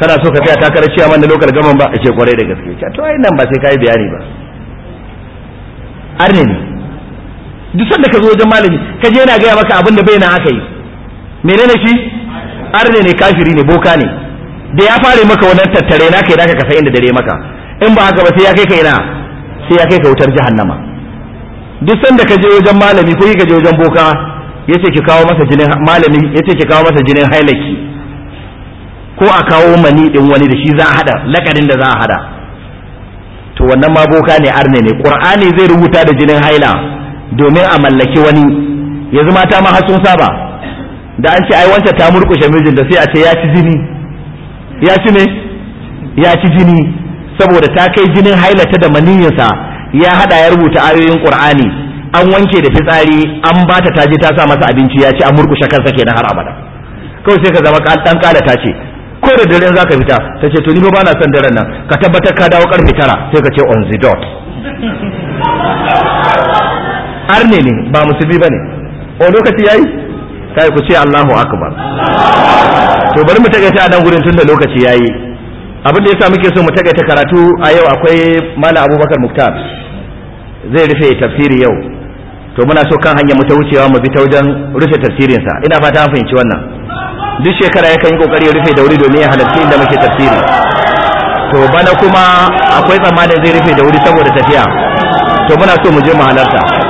B: kana so ka tsaya takarar ciyaman da lokal gaman ba a ce kwarai da gaske ce to ai nan ba sai ka yi bayani ba arne ne duk sanda ka zo wajen malami ka je yana ga maka abin da bai na aka yi menene shi arne ne kafiri ne boka ne da ya fare maka wannan tattare na kai naka ka sai inda dare maka in ba haka ba sai ya kai ka ina sai ya kai ka wutar jahannama duk sanda ka je wajen malami sai ka je wajen boka yace ki kawo masa jinin malami yace ki kawo masa jinin hailaki ko a kawo mani din wani da shi za a hada lakarin da za a hada to wannan ma boka ne arne ne qur'ani zai rubuta da jinin haila domin a mallaki wani yanzu mata ma har sun saba da an ce ai wancan ta murkushe mijinta sai a ce ya ci jini ya ci ne ya ci jini saboda ta kai jinin hailata da maniyinsa ya hada ya rubuta ayoyin qur'ani an wanke da fitsari an bata taje ta sa masa abinci ya ci a murkushe kansa kenan har abada kawai sai ka zama dan kada ta ce ko da daren zaka fita ta ce to ni ba na son daren nan ka tabbatar ka dawo karfe tara sai ka ce on the dot arne ne ba musulmi bane o lokaci yayi kai ku ce Allahu akbar to bari mu takaita dan gurin tunda lokaci yayi abin da yasa muke so mu takaita karatu a yau akwai malam Abubakar Muktar zai rufe tafsiri yau to muna so kan hanya mu ta wucewa mu bi ta wajen rufe tafsirin sa ina fata an fahimci wannan duk shekara yakan yi kokari ya rufe da wuri domin ya halarci inda muke tafsiri to bana kuma akwai tsammanin zai rufe da wuri saboda tafiya to muna so mu je mu halarta